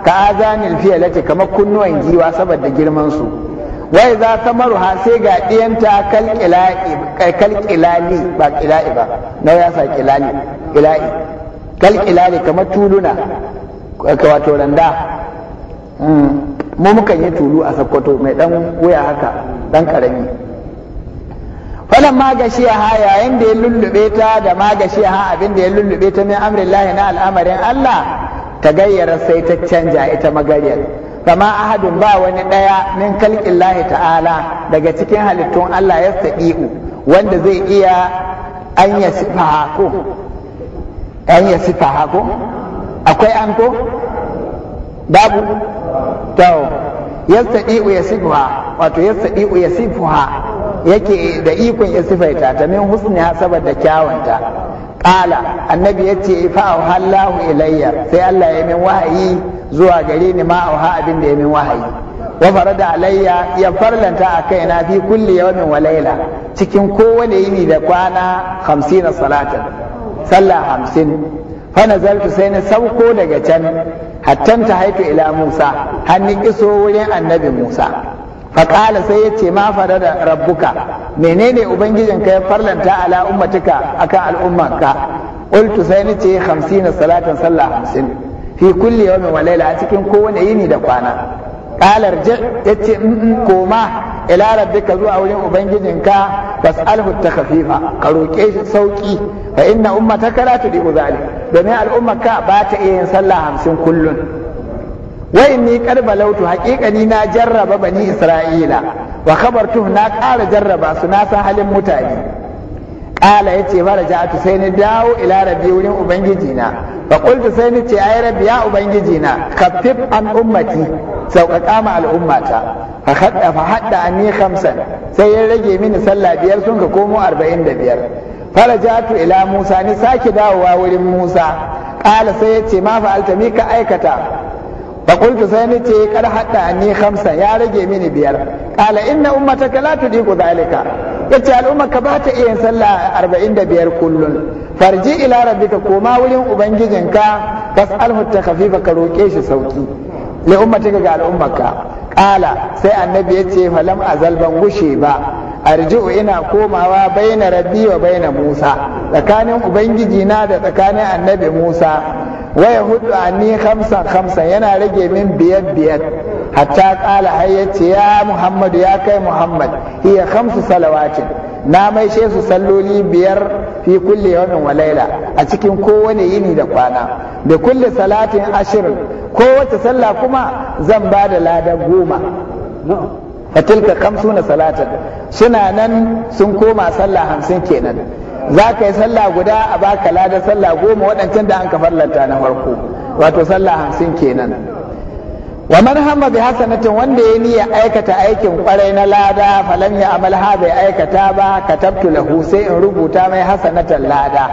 [SPEAKER 1] ka azanil fiyalati kamar kunnuwan giwa saboda girman su wai za samaru ha sai ga diyanta kalkilali ba kilai ba ya sa kamar tuluna wato randa mm. mu mukan yi tulu a sakkwato mai dan wuya haka dan karami falan magashi ha yayin da ya lullube ta da magashi ha abin da ya lullube ta min amrin lahi na al'amarin Allah ta gayyara sai ta canja ita magariyar kama ahadun ba wani daya min kalkin lahi ta'ala daga cikin halittun Allah ya sabi'u wanda zai iya an ya sifa ko an ya sifa ko akwai an ko babu to ya sifuha wato ya sifuha yake da ikon ya sifaita ta min husniha saboda kyawunta qala annabi yace fa Allahu ilayya sai Allah ya min wahayi zuwa gare ni ma auha abin da ya min wahayi wa farada alayya ya farlanta a kaina fi kulli yawmin wa layla cikin kowane yini da kwana 50 salatan sallah 50 fanazartu sai na sauko daga can hattan ta haitu ila Musa hannun iso wurin annabi Musa faƙala sai ya ce ma fara da rabbuka menene ubangijinka ya farlanta ala ummatika akan al'ummarka qultu sai ni ce 50 salatan sallah 50 fi kulli yawmin wa layla a cikin kowane yini da kwana qalar ji yace mm, mm, koma ila rabbika zuwa wurin ubangijinka fas'alhu takhfifa ka roke shi sauki fa inna ummataka la tudiku zalik domin al'ummarka ba ta iya yin sallah hamsin kullun wa inni qad balautu haqiqani na jarraba bani isra'ila wa khabartuhu na ƙara jarraba su na san halin mutane qala yace faraja'atu sai ni dawo ila rabi wurin ubangiji na fa qultu sai ni ce ayi rabbi ya ubangiji na kaffif an ummati sauƙaƙa ma al'ummata fa haɗa fa hadda anni sai ya rage mini sallah biyar sun ka komo arba'in da 45 faraja'atu ila musa ni sake dawowa wurin musa Ƙala sai yace ma fa altami ka aikata فقلت سينتي قد hamsin ya rage mini biyar. Ƙala بير قال ummata أمتك لا تديك zalika. yace al'umma ka ba ta iya yin sallah biyar kullum farji ila rabbika koma wurin ubangijinka fas'alhu khafifa ka roke shi sauki li ummatika ga ka Ƙala, sai annabi ce falam azal ban gushe ba arji'u ina komawa baina rabbi wa baina musa tsakanin ubangiji na da tsakanin annabi musa waya hudu anni khamsan khamsan yana rage min biyar biyar hatta ƙala hayyace ya muhammadu ya kai muhammad hiya khamsu salawatin na maishe su salloli biyar fi kulli yawmin wa laila a cikin kowane yini da kwana da kulli salatin ashirin kowace sallah kuma zan ba da lada goma fatilka kamsuna salatan suna nan sun koma sallah hamsin kenan za ka yi sallah guda a baka lada sallah goma waɗancan da an ka farlanta na farko wato sallah hamsin kenan wa man hamma bi hasanati wanda ya niyya aikata aikin kwarai na lada falam ya amal ha bai aikata ba katabtu lahu sai in rubuta mai hasanatan lada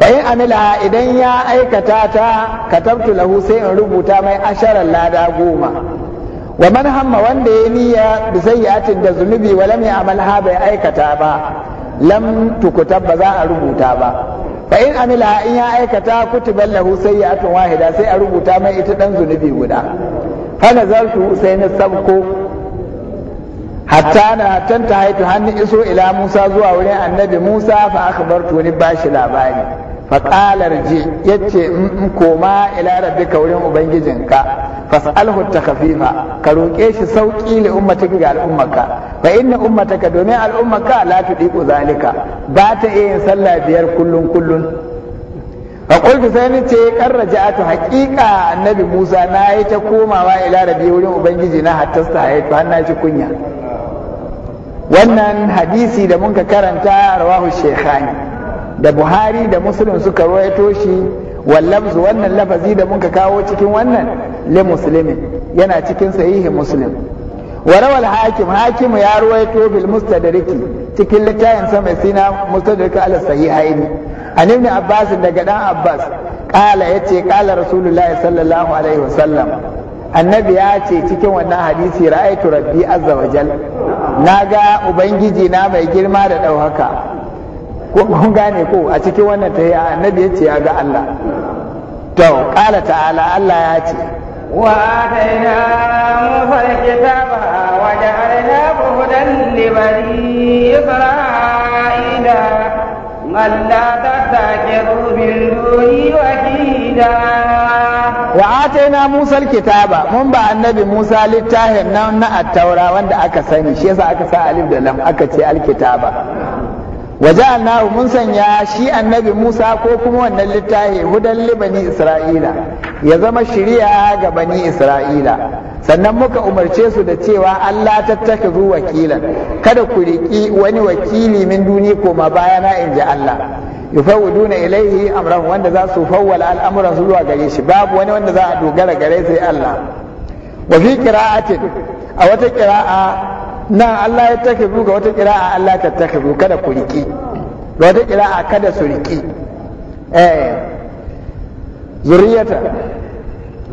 [SPEAKER 1] fa in amila idan ya aikata ta katabtu lahu sai in rubuta mai asharar lada goma wa man hamma wanda ya niyya bi sayyi'atin da zunubi wa lam ya amal ha bai aikata ba lam tukutab ba za a rubuta ba fa in amila in ya aikata kutiban lahu sayyi'atun wahida sai a rubuta mai ita dan zunubi guda fa nazartu sai na sabko hatta na tanta haitu hannu iso ila Musa zuwa wurin annabi Musa fa akhbartu ni bashi labari fa qala rji yace in koma ila rabbika wurin ubangijinka fas'alhu takfifa ka roke shi sauki li ummatik ga al'ummaka fa inna ummataka domin al'ummaka la tudiku zalika ba ta iya yin sallah biyar kullun kullun fa qultu sai ni ce kan raja'atu haqiqa annabi Musa na yi ta komawa ila rabbi wurin ubangiji na hatta sa hayatu har na ji kunya wannan hadisi da mun ka karanta rawahu shaykhani da Buhari da Muslim suka rawaito shi wallabzu wannan lafazi da muka kawo cikin wannan li yana cikin sahihi muslim wa rawal hakim hakim ya ruwaito bil mustadriki cikin littafin sa mai sina mustadrika al sahihaini an ibn abbas daga dan abbas qala yace qala rasulullahi sallallahu alaihi wasallam annabi ya ce cikin wannan hadisi ra'aytu rabbi azza wajal naga ubangiji na mai girma da ɗaukaka kun gane ko a cikin wannan ta annabi ya ce ya ga Allah to qala ta'ala Allah ya ce
[SPEAKER 2] wa ataina musa kitaba wa ja'alna hudan li bani isra'ila man la tattakiru bil duni kida
[SPEAKER 1] wa ataina musa kitaba mun ba annabi musa littafin nan na at-taura wanda aka sani shi yasa aka sa alif da lam aka ce al-kitaba waja'alnahu mun sanya shi annabi Musa ko kuma wannan littafi hudan bani Isra'ila ya zama shiriya ga bani Isra'ila sannan muka umarce su da cewa Allah tattakizu wakilan kada ku riƙi wani wakili min duni koma bayana in ji Allah yufawwiduna ilaihi amran wanda za su fawwala al'amuran su zuwa gare shi babu wani wanda za a dogara gare sai Allah wa fi qira'atin a wata qira'a na Allah ya take ga wata kira'a Allah ta take kada ku riki
[SPEAKER 2] ga
[SPEAKER 1] wata kira'a kada su riki eh zuriyata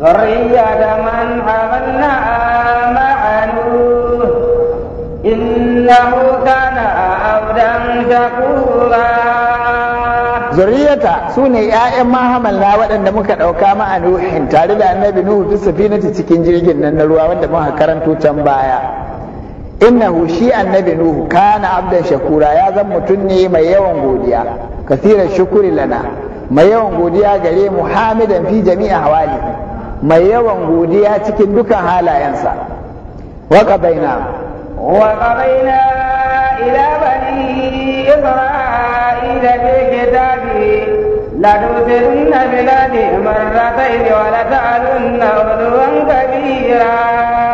[SPEAKER 2] zuriyata man amanna ma'anu innahu kana abdan shakura
[SPEAKER 1] zuriyata su ne ‘ya'yan na waɗanda muka ɗauka ma'anuhin tare da annabi Nuhu fi safinati cikin jirgin nan na ruwa wanda muka karanto can baya. innahu shi annabi nuhu kana abdan shakura ya zan mutum ne mai yawan godiya kasirar shukuri lana mai yawan godiya gare mu hamidan fi jami'a hawali mai yawan godiya cikin dukan halayensa waka baina waka baina ila bani
[SPEAKER 2] isra'ila bil kitabi la tusilna bil adi marratayn wa la ta'alunna udwan kabira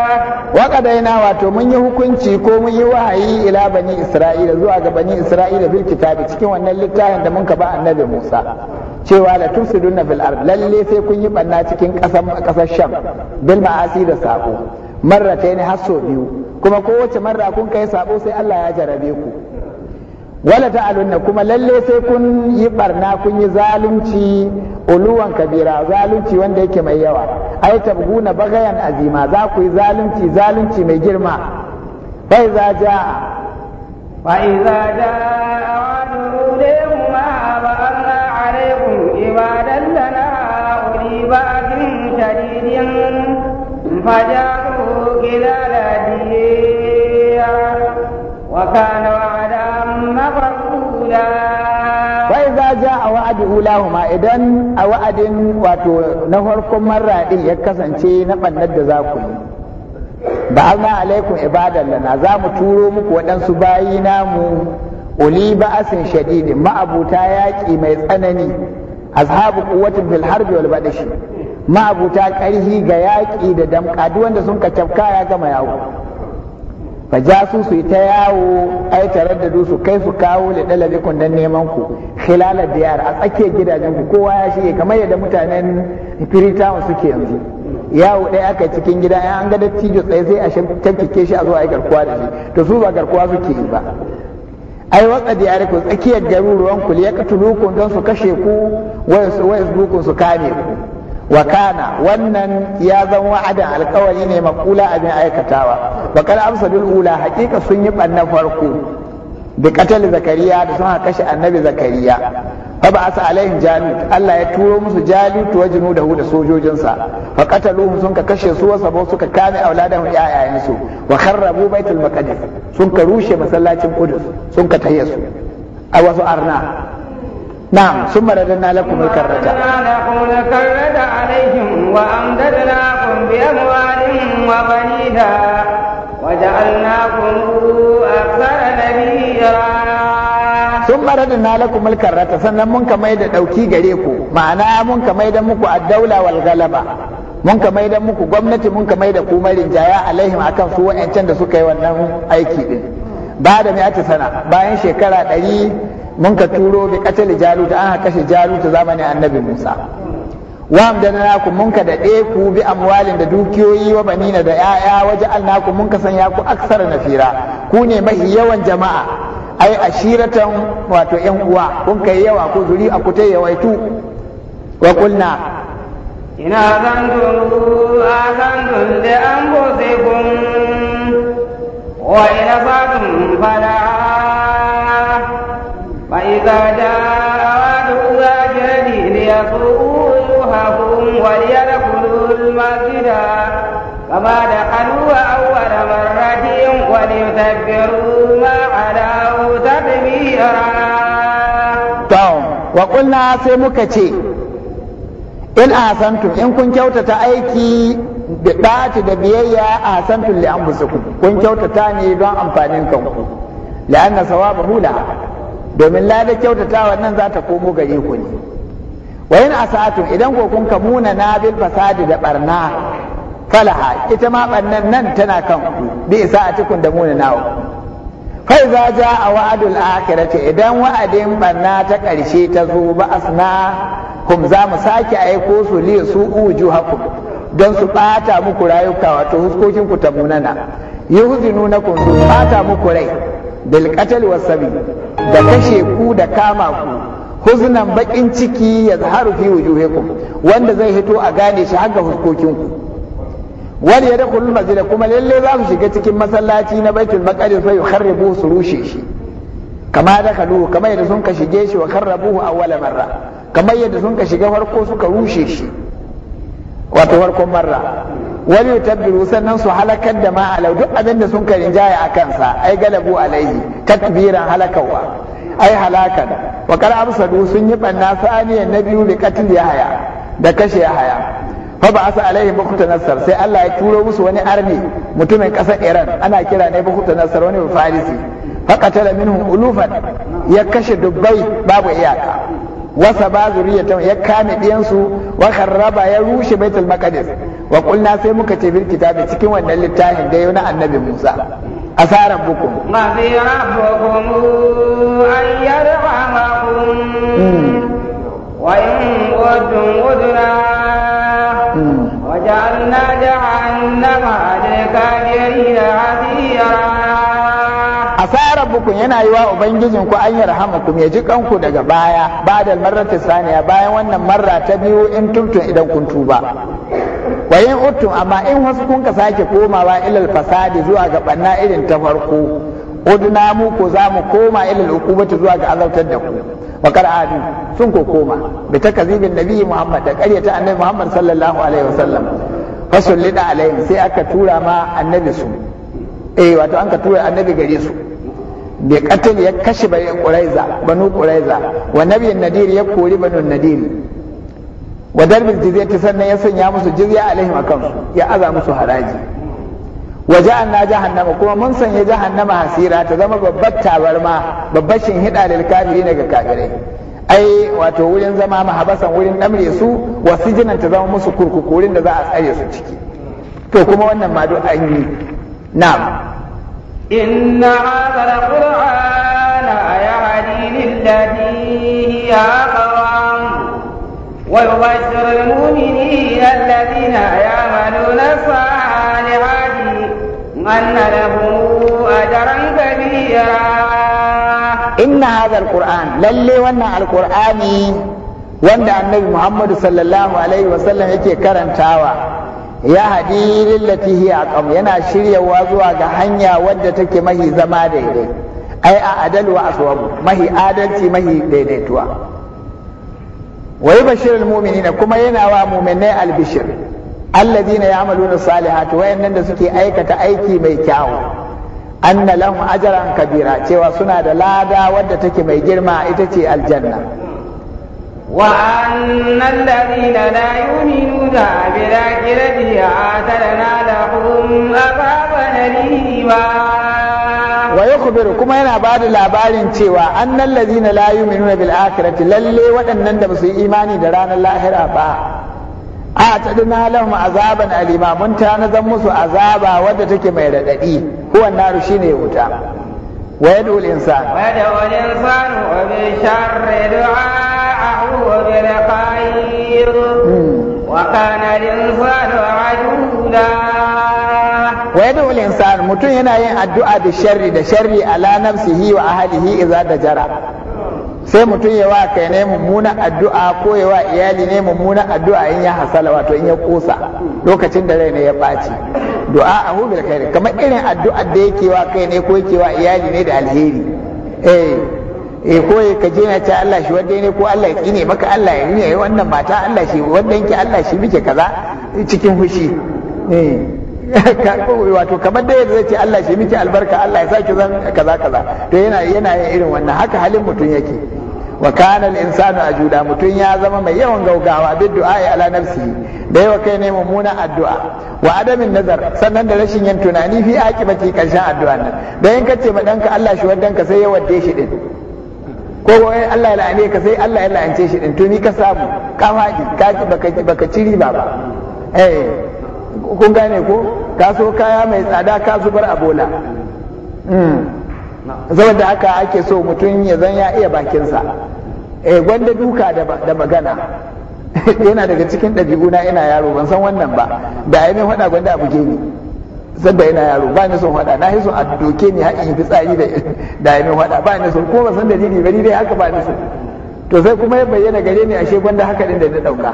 [SPEAKER 1] waƙadaina wato mun yi hukunci ko mun yi wahayi ila bani isra'ila zuwa ga bani isra'ila bil kitabi cikin wannan littafin da mun ka ba annabi musa cewa la tufsiduna bil ard lalle sai kun yi banna cikin ƙasar kasar sham bil ma'asi da sabo marratayn hasso biyu kuma kowace marra kun kai sabo sai Allah ya jarabe ku wala ta'alunna kuma lalle sai kun yi barna kun yi zalunci uluwan kabira zalunci wanda yake mai yawa ai tabguna bagayan azima za ku yi zalunci zalunci mai girma bai za ja fa iza ja
[SPEAKER 2] wa'du lahum ma ba'anna alaikum ibadan lana uli ba'din shadidin fajaru ila ladiya wa kana
[SPEAKER 1] Fa'iza ja a wa'adi ulahuma idan a wa'adin wato na farkon man radiyya ya kasance na fannar da za ku yi. Ba'amma alaikum, Ibadanla. Za mu turo muku waɗansu bayi yi na mu olin ba aseshe didi. yaƙi mai tsanani, asabu kowai ta bilhar jiyo ba da shi. Ma'abota, ga yaƙi da damƙa, duk wanda sun fita ya gama yawo. fa jasu su ta yawo ai da su kai su kawo da dalabi kun dan neman ku khilala diyar a tsakiyar gidajen ku kowa ya shige kamar yadda mutanen Freetown suke yanzu yawo ɗaya aka cikin gida ya an ga dattijo tsaye sai a tafkike shi a zo a yi garkuwa da shi to su ba garkuwa suke yi ba ai watsa diyar ku tsakiyar garuruwan ku liya katulukun don su kashe ku wayansu dukun su kame ku wa wannan ya zama wa'adin alkawari ne makula abin aikatawa wa kar amsadul ula hakika sun yi banna farko bi katal zakariya da sun kashe annabi zakariya fa ba asa alaihim jalut Allah ya turo musu jalut wa junudahu da sojojinsa fa sun kashe su wasabo suka kame auladahum yayayen su wa kharrabu baitul maqdis sun rushe masallacin qudus sun ka tayyasu a wasu arna Na ثم رددنا لكم الكرة لكم الكرة عليهم sun mara da na lakum karrata sannan mun ka ɗauki gare ku ma'ana mun ka muku addaula wal galaba mun ka muku gwamnati mun ka mai da kuma rinjaya alaihim akan su wa'ancan da suka yi wannan aiki din ba da mai bayan shekara ɗari mun ka turo bi katal jalut an kashe jalut zamanin annabi Musa wa amdana ku mun ka dade ku bi amwalin da dukiyoyi wa banina da yaya waje ku mun ka sanya ku aksara nafira ku ne mahi yawan jama'a ai ashiratan wato yan uwa kun kai yawa ku zuri a ku yawaitu wa kulna
[SPEAKER 2] ina zan azantum da kun wa ina fatum fada إذا جاءت أزاجني ليسوءوا وجوههم وليدخلوا المسجد كما دخلوا أول مرة وليتبروا ما علوا
[SPEAKER 1] sai muka ce in asantum in kun kyautata aiki da ɗaci da biyayya a asantum li'an kun kyautata ne don amfanin kanku la'anna ba hula. domin lada kyautatawa nan za ta komo gare ku ne wa a asatun idan ko kun kamuna na bil fasadi da barna falaha ita ma bannan nan tana kan ku bi sa'atikum da muna nawo fa idza jaa wa'dul akhirati idan wa'adin barna ta karshe ta zo ba asna kum za mu sake aiko su li su uju haku don su bata muku rayuka wato huskokin ku ta munana yuhzinu nakum su bata muku rai bil wasabi da kashe ku da kama ku huznan bakin ciki ya zaharu fi wujuhikum wanda zai hito a gane shi haka ga fuskokinku wani ya dakul masjid kuma lalle za su shiga cikin masallaci na baitul maqdis sai kharribu su rushe shi kama da kalu kama yadda sun ka shige shi wa kharrabuhu awwala marra kamar yadda sun ka shiga farko suka rushe shi wato farkon marra wani tabbiru sannan su halakar da ma alau duk abin da sun karin jaya a kansa ai galabu alaihi takbiran halakawa ai halakan wa kar absadu sun yi banna saniyan na biyu da katil haya, da kashe ya haya. fa ba asa alaihi bukuta nasar sai Allah ya turo musu wani arni mutumin kasar Iran ana kira ne bukuta nasar wani farisi fa qatala minhum ulufan ya kashe dubbai babu iyaka wasa ba ta ya kame ɗiyansu wa kharraba ya rushe baitul maqdis wa qulna sai muka ce bil kitabi cikin wannan littafin da yau na
[SPEAKER 2] annabi Musa asara buku ma fi rabbukum an yarhamakum hmm. wa in qadum udra hmm. wa ja'alna jahannama lil kafirin
[SPEAKER 1] rabbukum yana yi wa ubangijin ku an yarhamukum ya ji kanku daga baya ba'da marrati saniya bayan wannan marra ta biyu in tuntun idan kun tuba wa yin uttum amma in wasu kun ka sake komawa ilal fasadi zuwa ga banna irin ta farko udna mu ko za mu koma ilal hukumati zuwa ga azautar da ku wa qara'atu sun ko koma bi takazibin nabi Muhammad da ƙaryata annabi Muhammad sallallahu alaihi wasallam fasullida alaihi sai aka tura ma annabi su eh wato an ka tura annabi gare su bi qatil ya kashe bayan quraiza banu quraiza wa nabiyin nadir ya kori banu nadir wa jizya ta sannan ya sanya musu jizya alaihim akan su ya aza musu haraji wa na jahannama kuma mun sanya jahannama hasira ta zama babbar tabarma babbar hida lil kafirin ga kafirai ai wato wurin zama mahabasan wurin damre su wa sijinan ta zama musu kurkuku da za a tsare su ciki to kuma wannan ma duk an yi
[SPEAKER 2] na'am إن هذا القرآن يهدي للتي هي أقرب ويبشر المؤمنين الذين يعملون الصالحات أن لهم أجرا كبيرا إن هذا
[SPEAKER 1] القرآن للي وانا القرآن wanda annabi Muhammadu sallallahu alaihi wasallam yake karantawa ya hadi lillati hiya aqam yana shiryawa zuwa ga hanya wadda take mahi zama daidai ai a adal wa aswabu mahi adalci mahi daidaituwa wa yubashirul mu'minina kuma yana wa mu'minai albishir alladhina ya'maluna salihati wayannan da suke aikata aiki mai kyau. anna lahum ajran kabira cewa suna da lada wadda take mai girma ita ce aljanna
[SPEAKER 2] وأن الذين لا يؤمنون بالآخرة أعتدنا ba. عذابا أليما
[SPEAKER 1] ويخبر كما ينا بعد labarin cewa annal ladina la yu'minuna bil akhirati lalle waɗannan da basu yi imani da ranar lahira ba a tadina lahum azaban alima mun ta nazan musu azaba wadda take mai radadi huwa naru shine wuta wa yad'u al insan
[SPEAKER 2] wa yad'u al insanu wa غير خير وكان الإنسان عجولا ويدعو
[SPEAKER 1] الإنسان متون هنا الدعاء بالشر ده شر على نفسه وأهله إذا دجرا sai mutum ya kai ne mummuna addu'a ko ya wa iyali ne mummuna addu'a in ya hasala wato in ya kosa lokacin da rai ne ya ɓaci du'a a hubil ne, kamar irin addu'a da yake wa kai ne ko yake wa iyali ne da alheri eh eh ko ka je na ce Allah shi wadda ne ko Allah ya kine maka Allah ya yi wannan mata Allah shi wanda ki Allah shi muke kaza cikin fushi eh wato kamar da yadda zai ce Allah shi muke albarka Allah ya saki zan kaza kaza to yana yana irin wannan haka halin mutum yake wa kana al-insanu ajuda mutum ya zama mai yawan gaugawa bid du'a'i ala nafsi da yawa kai ne mummuna addu'a wa adamin nazar sannan da rashin yin tunani fi akibati karshen addu'a nan da in kace ma danka Allah shi wadanka sai ya wadde shi din ko wai eh, Allah ya la'ane ka sai Allah ya la'ance shi din to ni ka samu ka faɗi ka ci baka baka ciri ba ba eh kun gane ko ka so kaya mai tsada ka zubar a bola hmm. da aka ake so mutum ya zan ya iya bakinsa eh gwanda duka da magana yana daga cikin ɗabi'una ina yaro ban san wannan ba da ai mai faɗa gwanda abu sadda yana yaro ba ni son faɗa na yi son a doke ni har fitsari da da yi min ba ni son kuma ba san dalili ba ni dai haka ba ni son to sai kuma ya bayyana gare ni ashe gwanda haka din da na dauka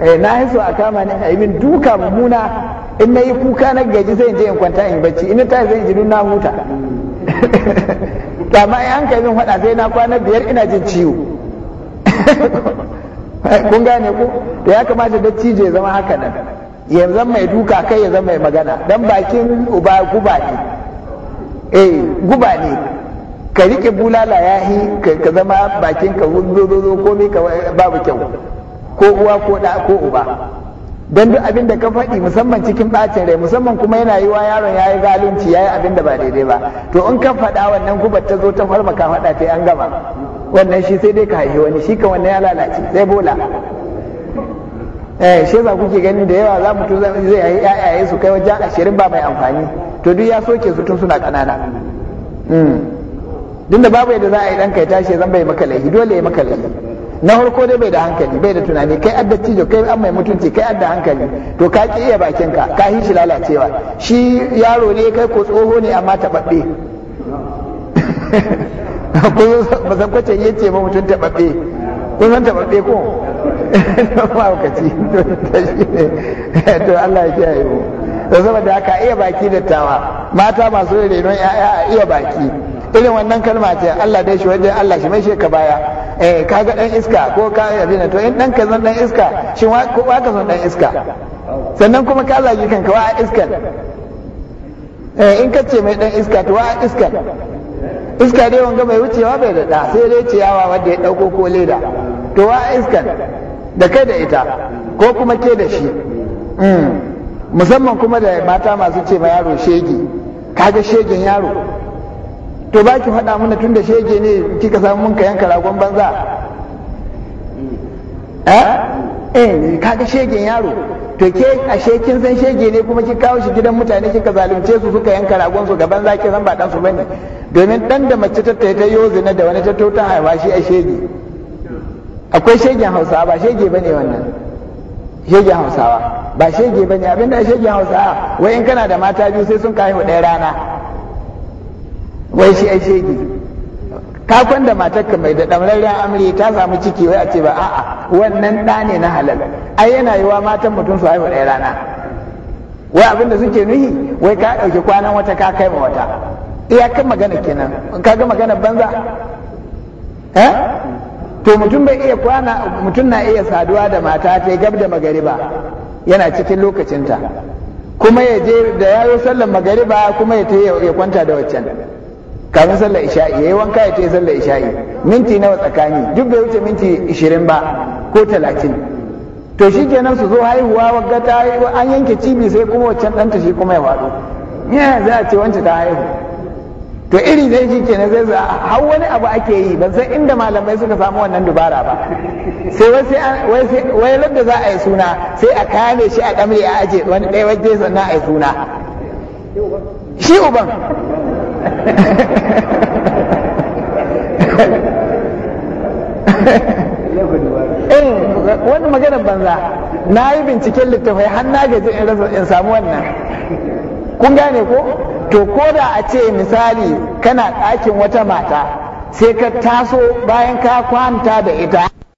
[SPEAKER 1] eh na yi son a kama ni a yi min duka mummuna in na yi kuka na gaji zai je in kwanta in bacci in ta zai ji na huta amma in an kai min faɗa sai na kwana biyar ina jin ciwo kun gane ku? to ya kamata dattijo ya zama haka nan Yanzu mai duka kai ya mai magana dan bakin uba guba ne eh guba ne ka rike bulala ya ka zama bakin ka zo komai ka babu kyau ko uwa ko da ko uba dan duk abin da ka faɗi musamman cikin bacin rai musamman kuma yana yi wa yaron yayi yi zalunci ya yi abin da ba daidai ba to in ka faɗa wannan gubar ta zo ta farmaka faɗa ta an gama wannan shi sai dai ka haihi wani shi ka wannan ya lalace sai bola eh shi ba kuke gani da yawa za mu mutum zai yi ayaye su kai wajen ashirin ba mai amfani to duk ya soke su tun suna kanana hmm. duk da babu yadda za a yi dan kai tashi zan bai maka laifi dole ya maka laifi na farko dai bai da hankali bai da tunani kai adda cijo kai an mai mutunci kai adda hankali to ka ki iya bakin ka ka shi lalacewa shi yaro ne kai ko tsoho ne amma taɓaɓɓe ba san kwace yace ba mutum taɓaɓɓe kun san taɓaɓɓe ko mahaukaci to shi ne to Allah ya kiyaye mu saboda haka iya baki dattawa mata masu renon ya'ya iya baki irin wannan kalma ce Allah dai shi wajen Allah shi mai shi ka baya eh kaga dan iska ko ka abin to in dan ka zan dan iska shi wa ka zan dan iska sannan kuma ka zagi kanka wa iskan eh in ka ce mai dan iska to wa iskan iska dai wanga mai wucewa bai da sai dai ciyawa wanda ya dauko ko leda to wa iskan da kai da ita ko kuma ke da shi mm. musamman kuma da mata masu ce ma yaro shege kaga shegen yaro to ba ki faɗa mana tun da shege ne kika samu mun ka yanka ragon banza eh, eh kaga shegen yaro to ke ashe kin san shege ne kuma ki kawo shi gidan mutane kika zalunce su suka yanka ragon su gaban zaki san ba dan su bane domin dan da mace ta ta yozi na da wani ta tota haifa shi a shege akwai shegen hausawa ba shege ba ne wannan shegen hausawa ba shege ba ne abin da shegen hausawa wai in kana da mata biyu sai sun kayi ɗaya rana wai shi ai shege kakon da matarka mai da ɗamrarren amri ta samu ciki wai a ce ba a'a wannan ɗa ne na halal ai yana yiwa matan mutum su haihu ɗaya rana wai abin da suke nuhi wai ka ɗauki kwanan wata ka kai ma wata iya kan magana kenan ka ga magana banza eh to mutum bai iya kwana mutum na iya saduwa da mata ta gab da magariba yana cikin lokacinta kuma ya je da yayo sallar magariba kuma ya ya kwanta da waccan kafin sallar isha'i yayi wanka ya tayi sallar isha'i minti nawa tsakani duk bai wuce minti 20 ba ko 30 to shikenan su zo haihuwa wagga ta an yanke cibi sai kuma waccan ɗanta shi kuma ya wado ya za a ce wancan ta haihu to iri ne shi ke zai za hau wani abu ake yi ban san inda malamai suka samu wannan dubara ba sai wai ladda za a yi suna sai a kame shi a kamre a aje wani ɗaya waje sannan a yi suna shi uban In eh, wani maganar banza na yi binciken littafai har na gaji in samu wannan kun gane ko to ko da a ce misali kana ɗakin wata mata sai ka taso bayan ka kwanta da ita